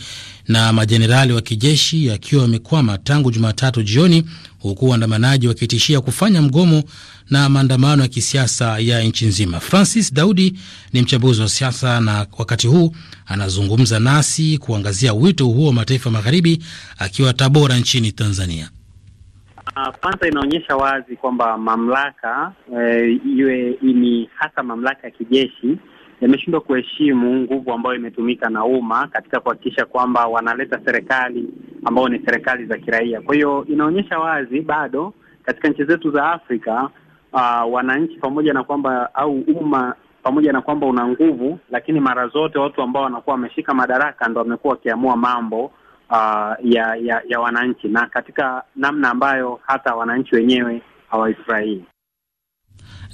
na majenerali wa kijeshi yakiwa yamekwama tangu Jumatatu jioni, huku waandamanaji wakitishia kufanya mgomo na maandamano ya kisiasa ya nchi nzima. Francis Daudi ni mchambuzi wa siasa na wakati huu anazungumza nasi kuangazia wito huo wa mataifa magharibi, akiwa Tabora nchini Tanzania. Ah, kwanza inaonyesha wazi kwamba mamlaka iwe eh, iwe ni hasa mamlaka ya kijeshi yameshindwa kuheshimu nguvu ambayo imetumika na umma katika kuhakikisha kwamba wanaleta serikali ambao ni serikali za kiraia. Kwa hiyo inaonyesha wazi bado katika nchi zetu za Afrika uh, wananchi pamoja na kwamba au umma pamoja na kwamba una nguvu, lakini mara zote watu ambao wanakuwa wameshika madaraka ndo wamekuwa wakiamua mambo uh, ya, ya ya wananchi na katika namna ambayo hata wananchi wenyewe hawaifurahii.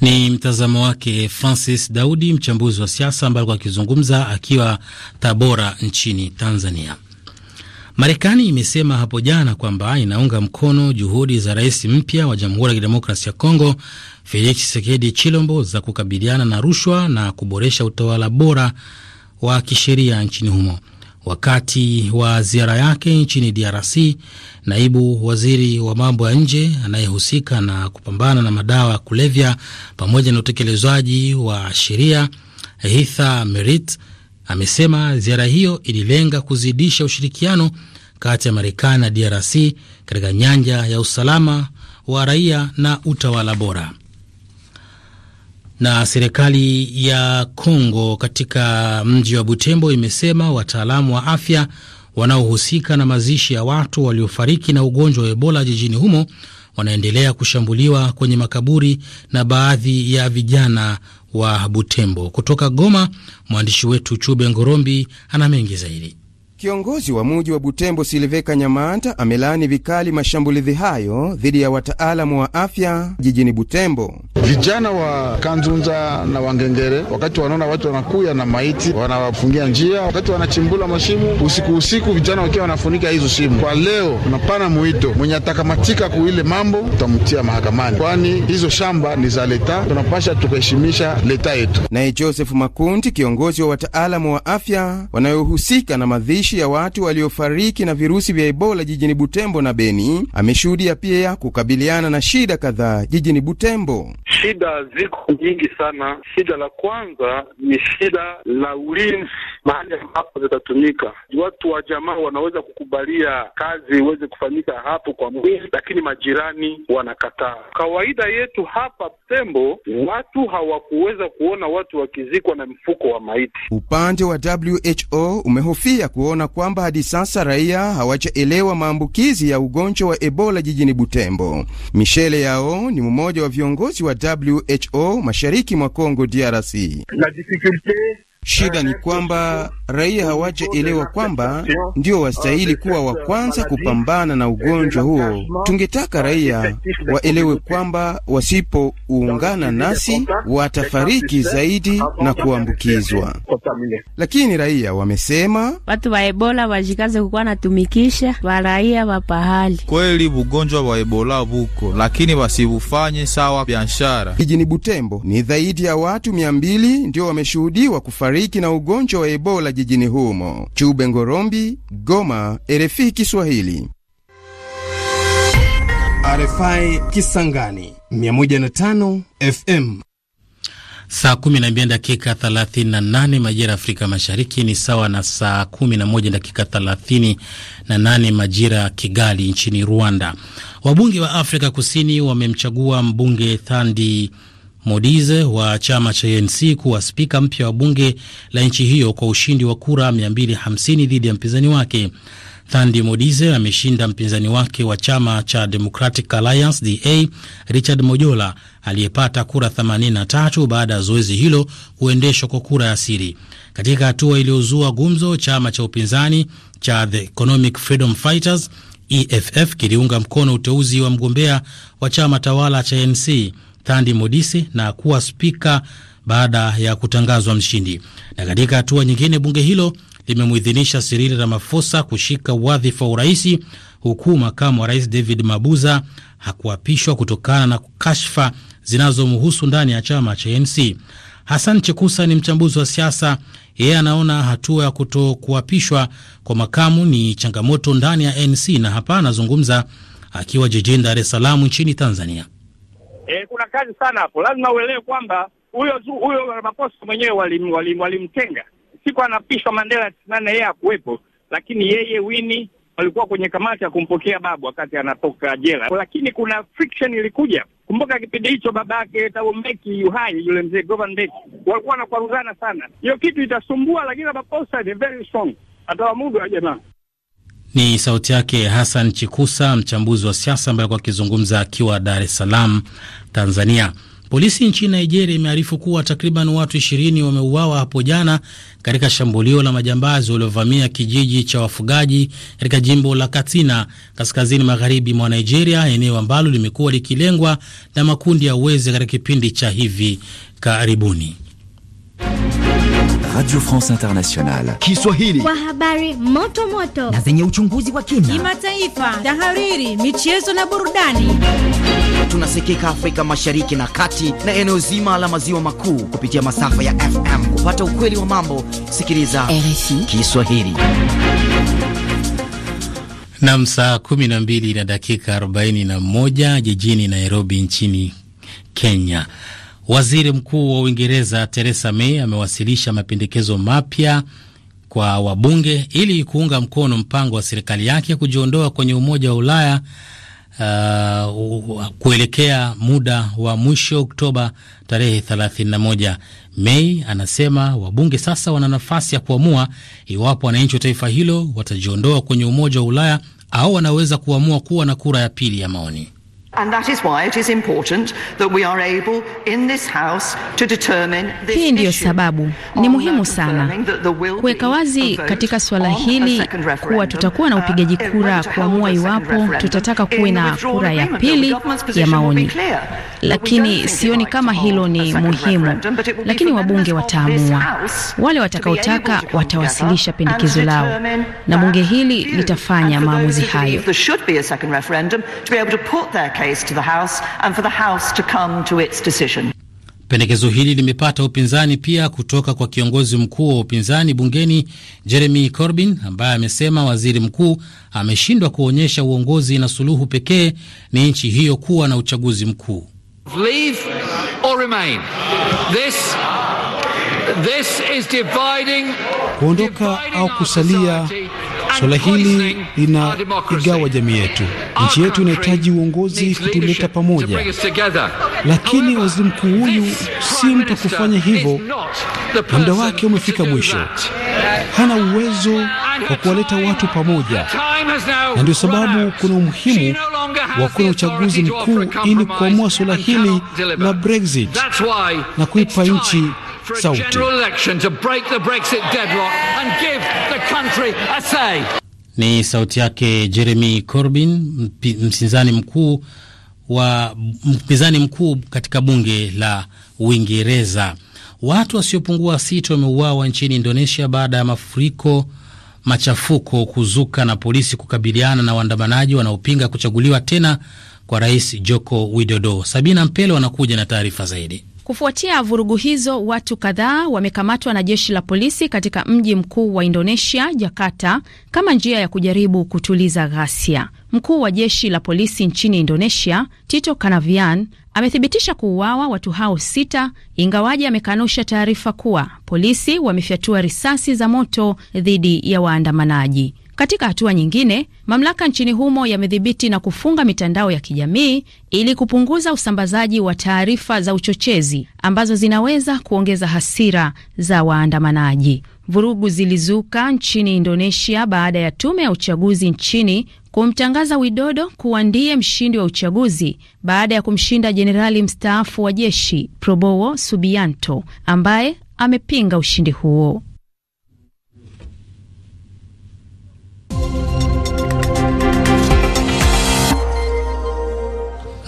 Ni mtazamo wake Francis Daudi, mchambuzi wa siasa ambaye alikuwa akizungumza akiwa Tabora nchini Tanzania. Marekani imesema hapo jana kwamba inaunga mkono juhudi za rais mpya wa Jamhuri ya Kidemokrasi ya Kongo Felix Tshisekedi Chilombo za kukabiliana na rushwa na kuboresha utawala bora wa kisheria nchini humo. Wakati wa ziara yake nchini DRC, naibu waziri wa mambo ya nje anayehusika na kupambana na madawa ya kulevya pamoja na utekelezwaji wa sheria Hitha Merit amesema ziara hiyo ililenga kuzidisha ushirikiano kati ya Marekani na DRC katika nyanja ya usalama wa raia na utawala bora. Na serikali ya Kongo katika mji wa Butembo imesema wataalamu wa afya wanaohusika na mazishi ya watu waliofariki na ugonjwa wa Ebola jijini humo wanaendelea kushambuliwa kwenye makaburi na baadhi ya vijana wa Butembo. Kutoka Goma, mwandishi wetu Chube Ngorombi ana mengi zaidi. Kiongozi wa muji wa Butembo Siliveka Nyamata amelaani vikali mashambulizi hayo dhidi ya wataalamu wa afya jijini Butembo. Vijana wa Kanzunza na Wangengere, wakati wanaona watu wanakuya na maiti, wanawafungia njia, wakati wanachimbula mashimu usiku usiku, vijana wakiwa wanafunika hizo simu Kwa leo tunapana mwito, mwenye atakamatika kuile mambo tutamtia mahakamani, kwani hizo shamba ni za leta, tunapasha tukaheshimisha leta yetu. Naye Joseph makundi kiongozi wa wataalamu wa afya wanayohusika na madhishi mazishi ya watu waliofariki na virusi vya Ebola jijini Butembo na Beni, ameshuhudia pia kukabiliana na shida kadhaa jijini Butembo. Shida ziko nyingi sana. Shida la kwanza ni shida la ulinzi mahali ambapo zitatumika. Watu wa jamaa wanaweza kukubalia kazi iweze kufanyika hapo kwa mwili, lakini majirani wanakataa. Kawaida yetu hapa Butembo, watu hawakuweza kuona watu wakizikwa na mfuko wa maiti. Upande wa WHO umehofia kuona na kwamba hadi sasa raia hawajaelewa maambukizi ya ugonjwa wa Ebola jijini Butembo. Michele Yao ni mmoja wa viongozi wa WHO mashariki mwa congo DRC. La Shida ni kwamba raia hawajaelewa kwamba ndio wastahili kuwa wa kwanza kupambana na ugonjwa huo. Tungetaka raia waelewe kwamba wasipoungana nasi watafariki zaidi na kuambukizwa. Lakini raia wamesema watu wa Ebola wajikaze kukuwa natumikisha wa raia wa pahali. Kweli ugonjwa wa Ebola buko, lakini wasibufanye sawa biashara. Kijini Butembo ni zaidi ya watu mia mbili ndio wameshuhudiwa kufariki kufariki na ugonjwa wa Ebola jijini humo. Chube Ngorombi, Goma, RFI Kiswahili. RFI Kisangani 105 FM. Saa 12 dakika 38 majira ya Afrika Mashariki ni sawa na saa 11 dakika 38 majira ya Kigali nchini Rwanda. Wabunge wa Afrika Kusini wamemchagua mbunge Thandi Modize wa chama cha ANC kuwa spika mpya wa bunge la nchi hiyo kwa ushindi wa kura 250 dhidi ya mpinzani wake. Thandi Modize ameshinda mpinzani wake wa chama cha Democratic Alliance DA Richard Mojola aliyepata kura 83 baada ya zoezi hilo kuendeshwa kwa kura ya siri. Katika hatua iliyozua gumzo, chama cha upinzani cha The Economic Freedom Fighters EFF kiliunga mkono uteuzi wa mgombea wa chama tawala cha ANC Thandi Modise na kuwa spika baada ya kutangazwa mshindi. Na katika hatua nyingine, bunge hilo limemuidhinisha Cyril Ramaphosa kushika wadhifa wa uraisi, huku makamu wa rais David Mabuza hakuapishwa kutokana na kashfa zinazomhusu ndani ya chama cha ANC. Hassan Chekusa ni mchambuzi wa siasa. Yeye anaona hatua ya kuto kuapishwa kwa makamu ni changamoto ndani ya ANC, na hapa anazungumza akiwa jijini Dar es Salaam nchini Tanzania e, kuna kazi sana hapo. Lazima uelewe kwamba huyo huyo maposta mwenyewe walimtenga, wali, wali siku anapishwa Mandela tisinane yeye hakuwepo, lakini yeye wini walikuwa kwenye kamati ya kumpokea babu wakati anatoka jela, lakini kuna friction ilikuja. Kumbuka kipindi hicho babake Tabo Mbeki yuhai, yule mzee Govan Mbeki, walikuwa wanakwaruzana sana. Hiyo kitu itasumbua, lakini Ramaphosa ni very strong, atawamudu wa jamaa. Ni sauti yake Hassan Chikusa, mchambuzi wa siasa ambaye alikuwa akizungumza akiwa Dar es Salaam, Tanzania. Polisi nchini Nigeria imearifu kuwa takriban watu ishirini wameuawa hapo jana katika shambulio la majambazi waliovamia kijiji cha wafugaji katika jimbo la Katsina, kaskazini magharibi mwa Nigeria, eneo ambalo limekuwa likilengwa na makundi ya uwezi katika kipindi cha hivi karibuni. Radio France Internationale. Kiswahili. Kwa habari moto moto na zenye uchunguzi wa kina, kimataifa, tahariri, michezo na burudani. Tunasikika Afrika Mashariki na Kati na eneo zima la maziwa makuu kupitia masafa ya FM. Kupata ukweli wa mambo, sikiliza RFI Kiswahili. Nam, saa 12 na dakika 41 jijini Nairobi nchini Kenya. Waziri Mkuu wa Uingereza Theresa May amewasilisha mapendekezo mapya kwa wabunge ili kuunga mkono mpango wa serikali yake kujiondoa kwenye Umoja wa Ulaya uh, kuelekea muda wa mwisho Oktoba tarehe 31. May anasema wabunge sasa wana nafasi ya kuamua iwapo wananchi wa taifa hilo watajiondoa kwenye Umoja wa Ulaya au wanaweza kuamua kuwa na kura ya pili ya maoni. Hii ndiyo sababu ni muhimu sana kuweka wazi katika suala hili kuwa tutakuwa na upigaji uh, kura kuamua iwapo tutataka kuwe na kura ya pili ya maoni, lakini sioni kama hilo ni muhimu. Lakini wabunge wataamua, wale watakaotaka watawasilisha pendekezo lao, na bunge hili litafanya maamuzi hayo face to the House and for the House to come to its decision. Pendekezo hili limepata upinzani pia kutoka kwa kiongozi mkuu wa upinzani bungeni Jeremy Corbyn, ambaye amesema waziri mkuu ameshindwa kuonyesha uongozi na suluhu pekee ni nchi hiyo kuwa na uchaguzi mkuu. Leave or remain. This, this is dividing, kuondoka au kusalia Suala hili linaigawa jamii yetu. Nchi yetu inahitaji uongozi kutuleta pamoja, lakini waziri mkuu huyu si mtu kufanya hivyo, na muda wake umefika mwisho. Hana uwezo wa kuwaleta watu pamoja, na ndio sababu kuna umuhimu wa kuwa na uchaguzi mkuu ili kuamua suala hili la Brexit na kuipa nchi for a so general deep. election to break the Brexit deadlock and give the country a say. Ni sauti yake Jeremy Corbyn, mpinzani mkuu wa mpinzani mkuu katika bunge la Uingereza. Watu wasiopungua sita wameuawa nchini Indonesia baada ya mafuriko machafuko kuzuka na polisi kukabiliana na waandamanaji wanaopinga kuchaguliwa tena kwa Rais Joko Widodo. Sabina Mpele wanakuja na taarifa zaidi. Kufuatia vurugu hizo, watu kadhaa wamekamatwa na jeshi la polisi katika mji mkuu wa Indonesia, Jakarta, kama njia ya kujaribu kutuliza ghasia. Mkuu wa jeshi la polisi nchini Indonesia, Tito canavian amethibitisha kuuawa watu hao sita, ingawaji amekanusha taarifa kuwa polisi wamefyatua risasi za moto dhidi ya waandamanaji. Katika hatua nyingine, mamlaka nchini humo yamedhibiti na kufunga mitandao ya kijamii ili kupunguza usambazaji wa taarifa za uchochezi ambazo zinaweza kuongeza hasira za waandamanaji. Vurugu zilizuka nchini Indonesia baada ya tume ya uchaguzi nchini kumtangaza Widodo kuwa ndiye mshindi wa uchaguzi baada ya kumshinda jenerali mstaafu wa jeshi Prabowo Subianto ambaye amepinga ushindi huo.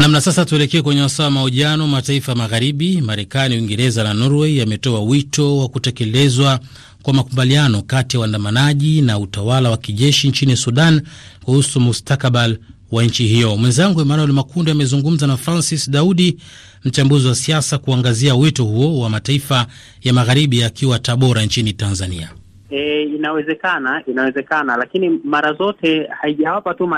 Namna sasa, tuelekee kwenye wasaa wa mahojiano. Mataifa magharibi, Marekani, Uingereza na Norway yametoa wito wa kutekelezwa kwa makubaliano kati ya waandamanaji na utawala wa kijeshi nchini Sudan kuhusu mustakabal wa nchi hiyo. Mwenzangu Emmanuel makunde amezungumza na Francis Daudi, mchambuzi wa siasa, kuangazia wito huo wa mataifa ya magharibi akiwa Tabora nchini Tanzania. E, inawezekana inawezekana, lakini mara zote haijawapa tu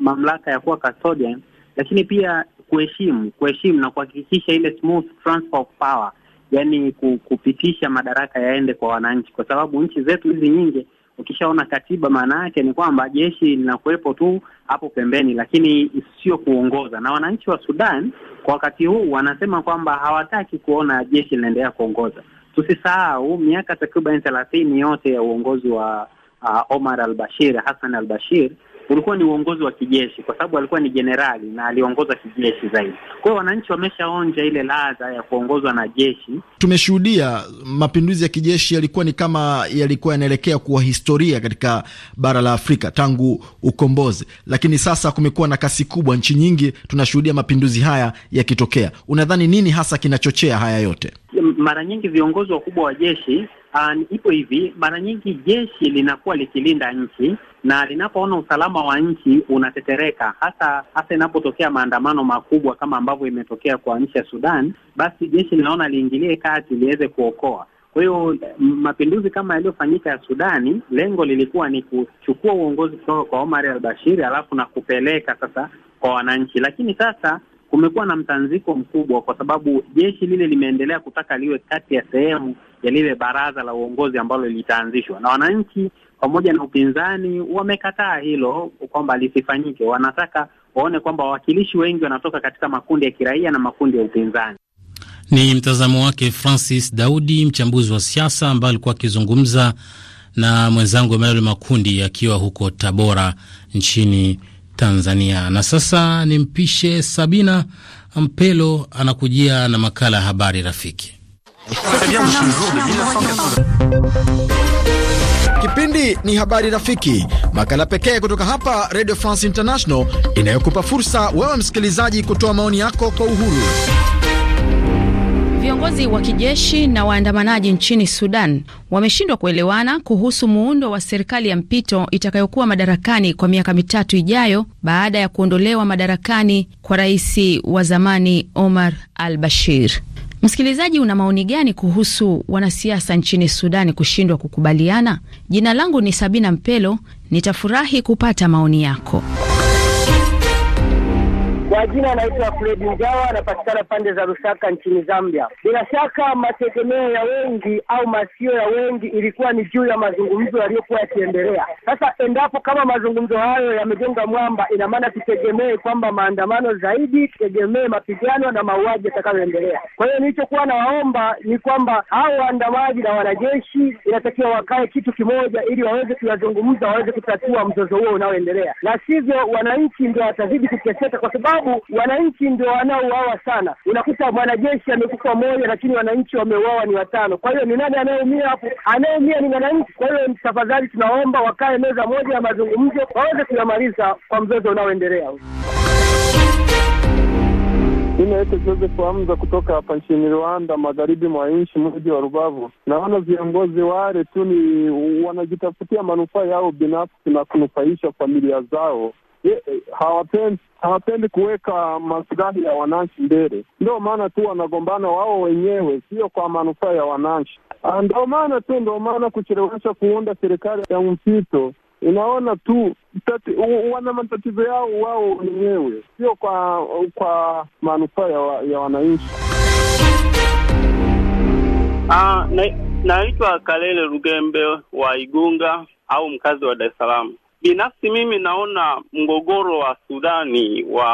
mamlaka ya kuwa custodian lakini pia kuheshimu kuheshimu na kuhakikisha ile smooth transfer of power, yani kupitisha madaraka yaende kwa wananchi, kwa sababu nchi zetu hizi nyingi ukishaona katiba maana yake ni kwamba jeshi linakuwepo tu hapo pembeni, lakini sio kuongoza. Na wananchi wa Sudan kwa wakati huu wanasema kwamba hawataki kuona jeshi linaendelea kuongoza. Tusisahau miaka takriban thelathini yote ya uongozi wa uh, Omar al-Bashir, Hassan al-Bashir ulikuwa ni uongozi wa kijeshi, kwa sababu alikuwa ni jenerali na aliongoza kijeshi zaidi. Kwa hiyo wananchi wameshaonja ile ladha ya kuongozwa na jeshi. Tumeshuhudia mapinduzi ya kijeshi yalikuwa ni kama yalikuwa yanaelekea kuwa historia katika bara la Afrika tangu ukombozi, lakini sasa kumekuwa na kasi kubwa, nchi nyingi tunashuhudia mapinduzi haya yakitokea. Unadhani nini hasa kinachochea haya yote? Mara nyingi viongozi wakubwa wa jeshi uh, ipo hivi. Mara nyingi jeshi linakuwa likilinda nchi na linapoona usalama wa nchi unatetereka, hasa hasa inapotokea maandamano makubwa kama ambavyo imetokea kwa nchi ya Sudan, basi jeshi linaona liingilie kati liweze kuokoa. Kwa hiyo mapinduzi kama yaliyofanyika ya Sudani, lengo lilikuwa ni kuchukua uongozi kutoka kwa Omar al-Bashir, alafu na kupeleka sasa kwa wananchi, lakini sasa kumekuwa na mtanziko mkubwa, kwa sababu jeshi lile limeendelea kutaka liwe kati ya sehemu ya lile baraza la uongozi ambalo litaanzishwa na wananchi pamoja na upinzani. Wamekataa hilo kwamba lisifanyike, wanataka waone kwamba wawakilishi wengi wanatoka katika makundi ya kiraia na makundi ya upinzani. Ni mtazamo wake Francis Daudi, mchambuzi wa siasa, ambaye alikuwa akizungumza na mwenzangu Emanuel Makundi akiwa huko Tabora nchini Tanzania. Na sasa nimpishe Sabina Mpelo anakujia na makala ya habari rafiki. Kipindi ni habari rafiki, makala pekee kutoka hapa Radio France International inayokupa fursa wewe msikilizaji kutoa maoni yako kwa uhuru. Viongozi wa kijeshi na waandamanaji nchini Sudan wameshindwa kuelewana kuhusu muundo wa serikali ya mpito itakayokuwa madarakani kwa miaka mitatu ijayo baada ya kuondolewa madarakani kwa rais wa zamani Omar al-Bashir. Msikilizaji, una maoni gani kuhusu wanasiasa nchini Sudani kushindwa kukubaliana? Jina langu ni Sabina Mpelo, nitafurahi kupata maoni yako. Kwa jina anaitwa Fred njawa anapatikana pande za Lusaka nchini Zambia. Bila shaka mategemeo ya wengi au masio ya wengi ilikuwa ni juu ya mazungumzo yaliyokuwa yakiendelea. Sasa endapo kama mazungumzo hayo yamejenga mwamba, ina maana tutegemee kwamba maandamano zaidi, tutegemee mapigano na mauaji yatakayoendelea. Kwa hiyo nilichokuwa nawaomba ni kwamba hao waandamaji na wanajeshi inatakiwa wakae kitu kimoja, ili waweze kuyazungumza, waweze kutatua mzozo huo unaoendelea, la sivyo wananchi ndio watazidi kuteseka kwa sababu sababu wananchi ndio wanaouawa sana. Unakuta mwanajeshi amekufa moja, lakini wananchi wameuawa ni watano. Kwa hiyo ni nani anayeumia hapo? Anayeumia ni wananchi. Kwa hiyo tafadhali, tunaomba wakae meza moja ya mazungumzo waweze kuyamaliza kwa mzozo unaoendelea. Mimi naitwa Joseph Hamza kutoka hapa nchini Rwanda, magharibi mwa nchi, mji wa Rubavu. Naona viongozi wale tu ni wanajitafutia manufaa yao binafsi na kunufaisha familia zao hawapendi hawapendi kuweka masilahi ya wananchi mbele, ndio maana tu wanagombana wao wenyewe, sio kwa manufaa ya wananchi. Ah, ndio maana tu, ndio maana kuchelewesha kuunda serikali ya mpito unaona tu tati, wana matatizo yao wao wenyewe, sio kwa kwa manufaa ya, ya wananchi. Ah, naitwa na Kalele Rugembe wa Igunga au mkazi wa Dar es Salaam. Binafsi mimi naona mgogoro wa Sudani wa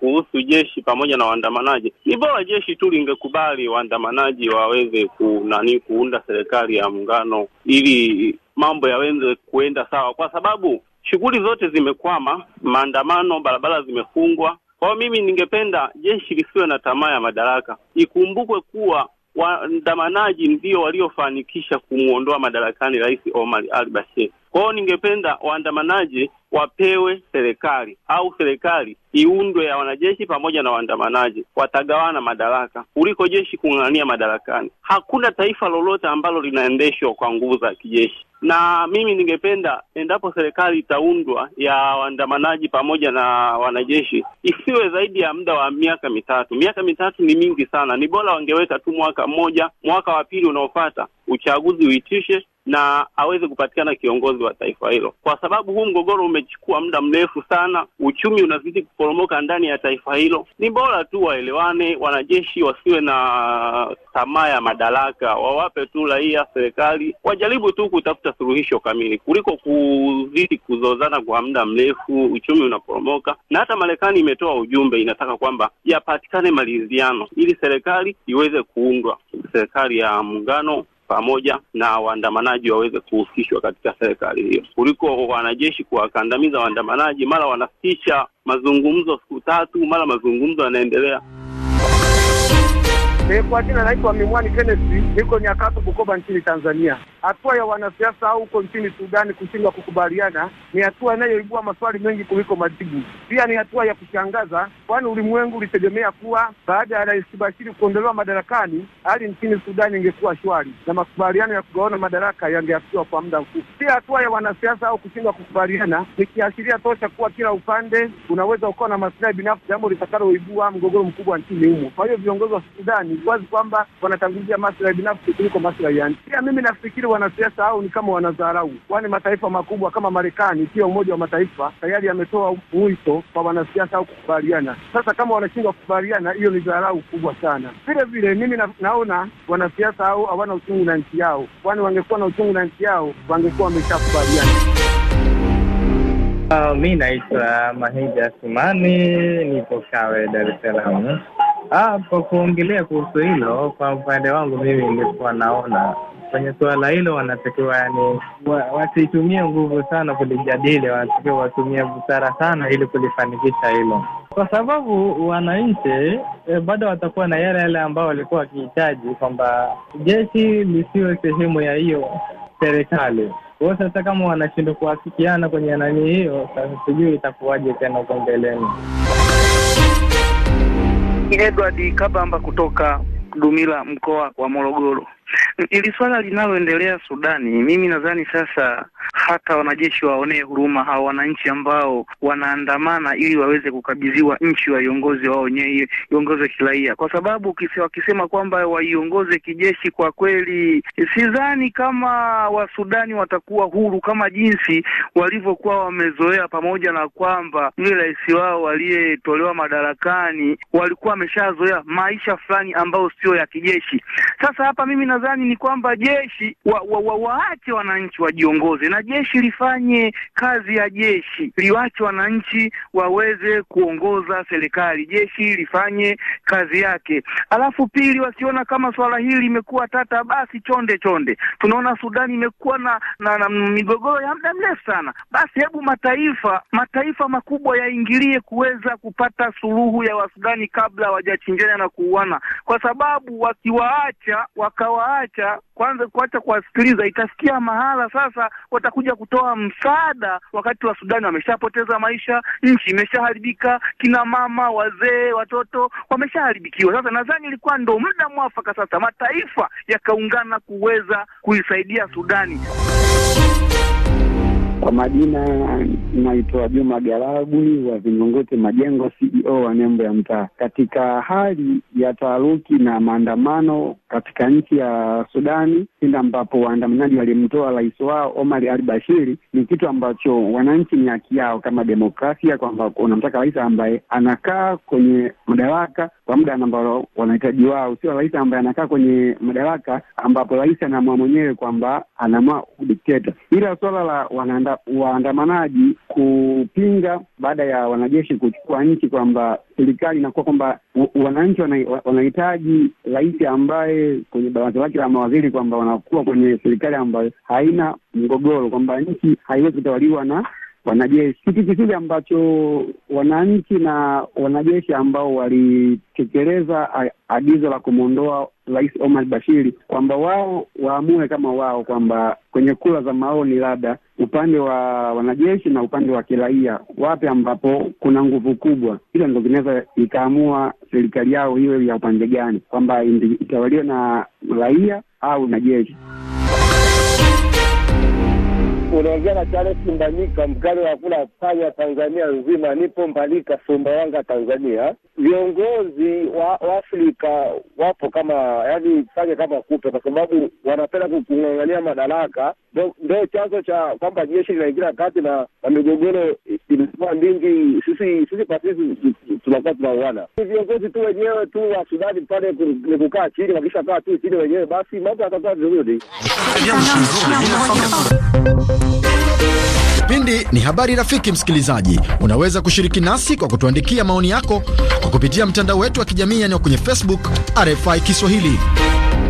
kuhusu jeshi pamoja na waandamanaji, ni bora jeshi tu lingekubali waandamanaji waweze ku nani kuunda serikali ya muungano ili mambo yaweze kuenda sawa, kwa sababu shughuli zote zimekwama, maandamano, barabara zimefungwa. Kwa hiyo mimi ningependa jeshi lisiwe na tamaa ya madaraka, ikumbukwe kuwa waandamanaji ndio waliofanikisha kumwondoa madarakani Rais Omar al-Bashir. Kwa hiyo ningependa waandamanaji wapewe serikali au serikali iundwe ya wanajeshi pamoja na waandamanaji, watagawana madaraka kuliko jeshi kung'ang'ania madarakani. Hakuna taifa lolote ambalo linaendeshwa kwa nguvu za kijeshi, na mimi ningependa endapo serikali itaundwa ya waandamanaji pamoja na wanajeshi isiwe zaidi ya muda wa miaka mitatu. Miaka mitatu ni mingi sana, ni bora wangeweka tu mwaka mmoja, mwaka wa pili unaofata uchaguzi uitishe na aweze kupatikana kiongozi wa taifa hilo, kwa sababu huu mgogoro umechukua muda mrefu sana, uchumi unazidi kuporomoka ndani ya taifa hilo. Ni bora tu waelewane, wanajeshi wasiwe na tamaa ya madaraka, wawape tu raia serikali, wajaribu tu kutafuta suluhisho kamili kuliko kuzidi kuzozana kwa muda mrefu. Uchumi unaporomoka, na hata Marekani imetoa ujumbe, inataka kwamba yapatikane maridhiano ili serikali iweze kuundwa, serikali ya muungano pamoja na waandamanaji waweze kuhusishwa katika serikali hiyo, kuliko wanajeshi kuwakandamiza waandamanaji. Mara wanasitisha mazungumzo siku tatu, mara mazungumzo yanaendelea. E, kwa jina naitwa Mimwani Kennedy, niko Nyakato, Bukoba nchini Tanzania. Hatua ya wanasiasa au huko nchini Sudani kushindwa kukubaliana ni hatua inayoibua maswali mengi kuliko majibu. Pia ni hatua ya kushangaza, kwani ulimwengu ulitegemea kuwa baada ya Rais Bashiri kuondolewa madarakani hali nchini Sudani ingekuwa shwari na makubaliano ya kugawana madaraka yangeafikiwa kwa muda mfupi. Pia hatua ya wanasiasa au kushindwa kukubaliana ni kiashiria tosha kuwa kila upande unaweza ukawa na maslahi binafsi, jambo litakaloibua mgogoro mkubwa nchini humo. Kwa hiyo viongozi wa Sudani wazi kwamba wanatangulia maslahi binafsi kuliko maslahi ya nchi. Pia mimi nafikiri wanasiasa hao ni kama wanadharau, kwani mataifa makubwa kama Marekani pia Umoja wa Mataifa tayari ametoa mwito kwa wanasiasa au kukubaliana. Sasa kama wanashindwa kukubaliana, hiyo ni dharau kubwa sana. Vile vile mimi na, naona wanasiasa hao hawana uchungu na nchi yao, kwani wangekuwa na uchungu na nchi yao wangekuwa wameshakubaliana. Uh, mi naitwa Mahija Simani, nipo Kawe, Dar es Salaam. Ah, kwa kuongelea kuhusu hilo, kwa upande wangu mimi nilikuwa naona kwenye suala hilo wanatakiwa yani wasitumie nguvu sana kulijadili, wanatakiwa watumie busara sana ili kulifanikisha hilo, kwa sababu wananchi e, bado watakuwa na yale yale ambao walikuwa wakihitaji kwamba jeshi lisiwe sehemu ya hiyo serikali. Kwa sasa, kama wanashindwa kuwafikiana kwenye nani hiyo, sasa sijui itakuwaje tena huko mbeleni. Edward Kabamba kutoka Dumila, mkoa wa Morogoro. Ili swala linaloendelea Sudani, mimi nadhani sasa hata wanajeshi waonee huruma hawa wananchi ambao wanaandamana ili waweze kukabidhiwa nchi waiongozi wao wenyewe, wa kiraia, kwa sababu wakisema kwamba waiongoze kijeshi, kwa kweli sidhani kama Wasudani watakuwa huru kama jinsi walivyokuwa wamezoea, pamoja na kwamba yule rais wao aliyetolewa madarakani walikuwa wameshazoea maisha fulani ambayo sio ya kijeshi. Sasa hapa mimi na nadhani ni kwamba jeshi wa, wa, wa, waache wananchi wajiongoze, na jeshi lifanye kazi ya jeshi, liwache wananchi waweze kuongoza serikali, jeshi lifanye kazi yake. Alafu pili, wasiona kama swala hili limekuwa tata, basi chonde chonde. Tunaona Sudani imekuwa na, na, na migogoro ya muda mrefu sana, basi hebu mataifa mataifa makubwa yaingilie kuweza kupata suluhu ya Wasudani kabla hawajachinjana na kuuana, kwa sababu wakiwaacha wakawa kuwaacha kwanza, kuacha kuwasikiliza, itafikia mahala sasa watakuja kutoa msaada, wakati wa Sudani wameshapoteza maisha, nchi imeshaharibika, kina mama, wazee, watoto wameshaharibikiwa. Sasa nadhani ilikuwa ndo muda mwafaka sasa mataifa yakaungana kuweza kuisaidia Sudani. Kwa majina naitwa Juma Garagwi wa Vingunguti Majengo, CEO wa nembo ya mtaa. Katika hali ya taharuki na maandamano katika nchi ya Sudani, pindi ambapo waandamanaji walimtoa rais wao Omar al Bashiri, ni kitu ambacho wananchi ni haki yao kama demokrasia, kwamba unamtaka rais ambaye anakaa kwenye madaraka kwa muda ambao wanahitaji wao, sio rais ambaye anakaa kwenye madaraka ambapo rais anaamua mwenyewe kwamba anaamua udikteta. Ila suala la waandamanaji kupinga baada ya wanajeshi kuchukua nchi kwamba serikali inakuwa kwamba wananchi wanahitaji rais ambaye kwenye baraza lake la mawaziri kwamba wanakuwa kwenye serikali ambayo haina mgogoro, kwamba nchi haiwezi kutawaliwa na wanajeshi, kitu kizuri ambacho wananchi na wanajeshi ambao walitekeleza agizo la kumwondoa Rais Omar Bashiri kwamba wao waamue kama wao kwamba kwenye kura za maoni, labda upande wa wanajeshi na upande wa kiraia, wapi ambapo kuna nguvu kubwa, hilo ndo vinaweza ikaamua serikali yao hiyo ya upande gani, kwamba itawaliwe na raia au na jeshi. Unaongea na Charles Mbanyika, mkali wa kula panya Tanzania nzima. Nipo Mbalika, Sumbawanga, Tanzania. Viongozi wa, Afrika wapo kama yani panya kama kupe, kwa sababu wanapenda kung'ang'ania madaraka ndo chanzo cha kwamba jeshi linaingira kati na na migogoro imekuwa mingi. Sisi sisi kwa sisi tunakuwa tunauana, viongozi tu wenyewe tu wa Sudani pale ni kukaa chini, wakisha kaa tu chini wenyewe basi mambo yatakuwa vizuri. Kipindi ni habari rafiki. Msikilizaji, unaweza kushiriki nasi kwa kutuandikia maoni yako kwa kupitia mtandao wetu wa kijamii, yaani kwenye Facebook RFI Kiswahili.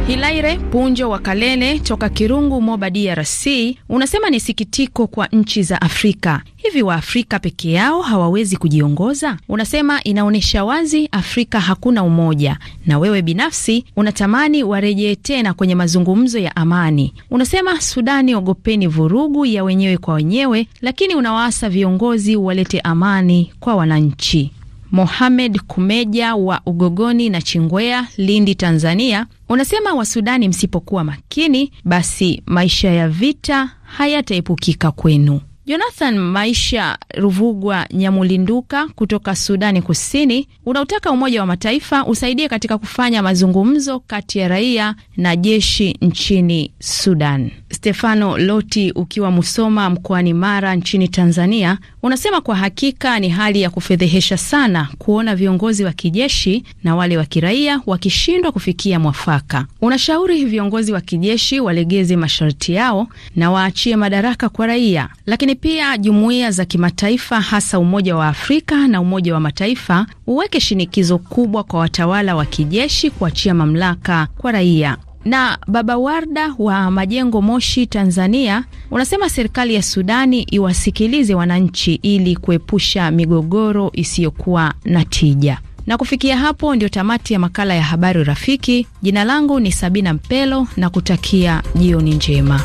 Hilaire Punjo wa Kalele toka Kirungu, Moba, DRC, unasema ni sikitiko kwa nchi za Afrika. Hivi Waafrika peke yao hawawezi kujiongoza? Unasema inaonyesha wazi Afrika hakuna umoja, na wewe binafsi unatamani warejee tena kwenye mazungumzo ya amani. Unasema Sudani, ogopeni vurugu ya wenyewe kwa wenyewe, lakini unawaasa viongozi walete amani kwa wananchi. Mohamed Kumeja wa Ugogoni na Chingwea, Lindi, Tanzania, unasema Wasudani, msipokuwa makini, basi maisha ya vita hayataepukika kwenu. Jonathan Maisha Ruvugwa Nyamulinduka kutoka Sudani Kusini unautaka Umoja wa Mataifa usaidie katika kufanya mazungumzo kati ya raia na jeshi nchini Sudan. Stefano Loti ukiwa Musoma mkoani Mara nchini Tanzania Unasema kwa hakika ni hali ya kufedhehesha sana kuona viongozi wa kijeshi na wale wa kiraia wakishindwa kufikia mwafaka. Unashauri viongozi wa kijeshi walegeze masharti yao na waachie madaraka kwa raia, lakini pia jumuiya za kimataifa, hasa Umoja wa Afrika na Umoja wa Mataifa uweke shinikizo kubwa kwa watawala wa kijeshi kuachia mamlaka kwa raia. Na Baba Warda wa Majengo, Moshi, Tanzania, unasema serikali ya Sudani iwasikilize wananchi ili kuepusha migogoro isiyokuwa na tija. Na kufikia hapo ndio tamati ya makala ya habari rafiki. Jina langu ni Sabina Mpelo na kutakia jioni njema.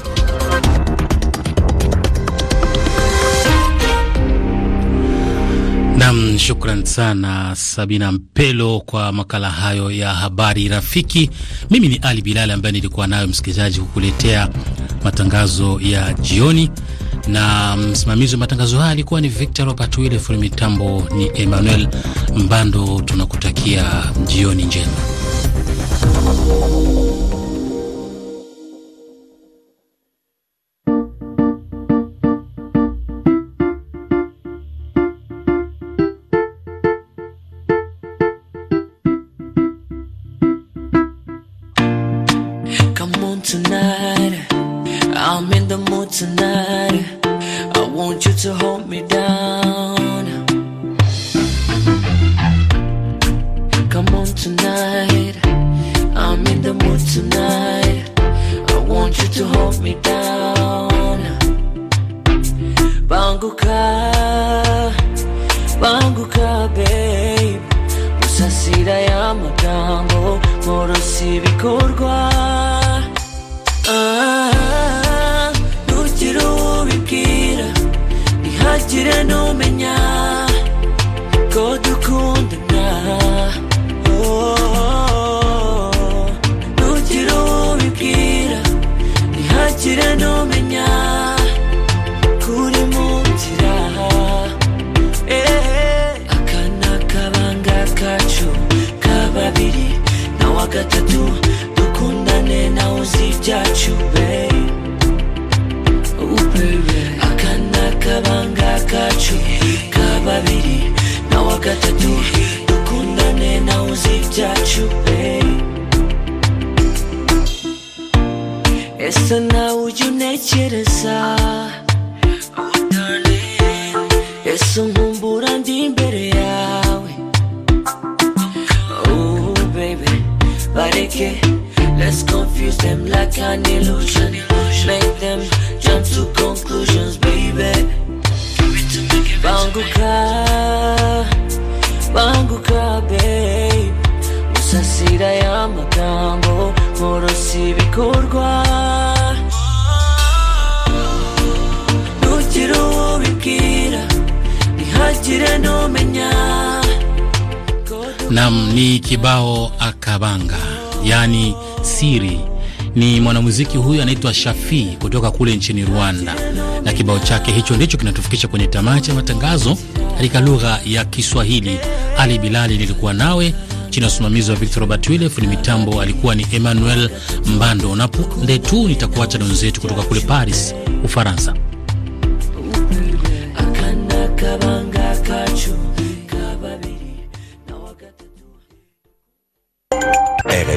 Nam, shukran sana Sabina Mpelo kwa makala hayo ya habari rafiki. Mimi ni Ali bilali ambaye nilikuwa nayo msikilizaji kukuletea matangazo ya jioni, na msimamizi wa matangazo haya alikuwa ni Victor Robert Wile, fundi mitambo ni Emmanuel Mbando. Tunakutakia jioni njema. Gira no menya Kodu babiri na wa dukundane nawe uzi ibyacu ese nawe ujya unekereza oh, ese nkumbura ndi imbere yawe oh baby bareke let's confuse them like an illusion Banguka, banguka babe Musasira y'amagambo morosi ibikorwa Nugira uwo bibwira no menya Nam ni kibao akabanga, yani siri. Ni mwanamuziki huyu anaitwa Shafi kutoka kule nchini Rwanda na kibao chake hicho ndicho kinatufikisha kwenye tamati ya matangazo katika lugha ya Kiswahili. Ali Bilali nilikuwa nawe chini ya usimamizi wa Victor Robert Wile. Fundi mitambo alikuwa ni Emmanuel Mbando, na punde tu nitakuacha na wenzetu kutoka kule Paris, Ufaransa.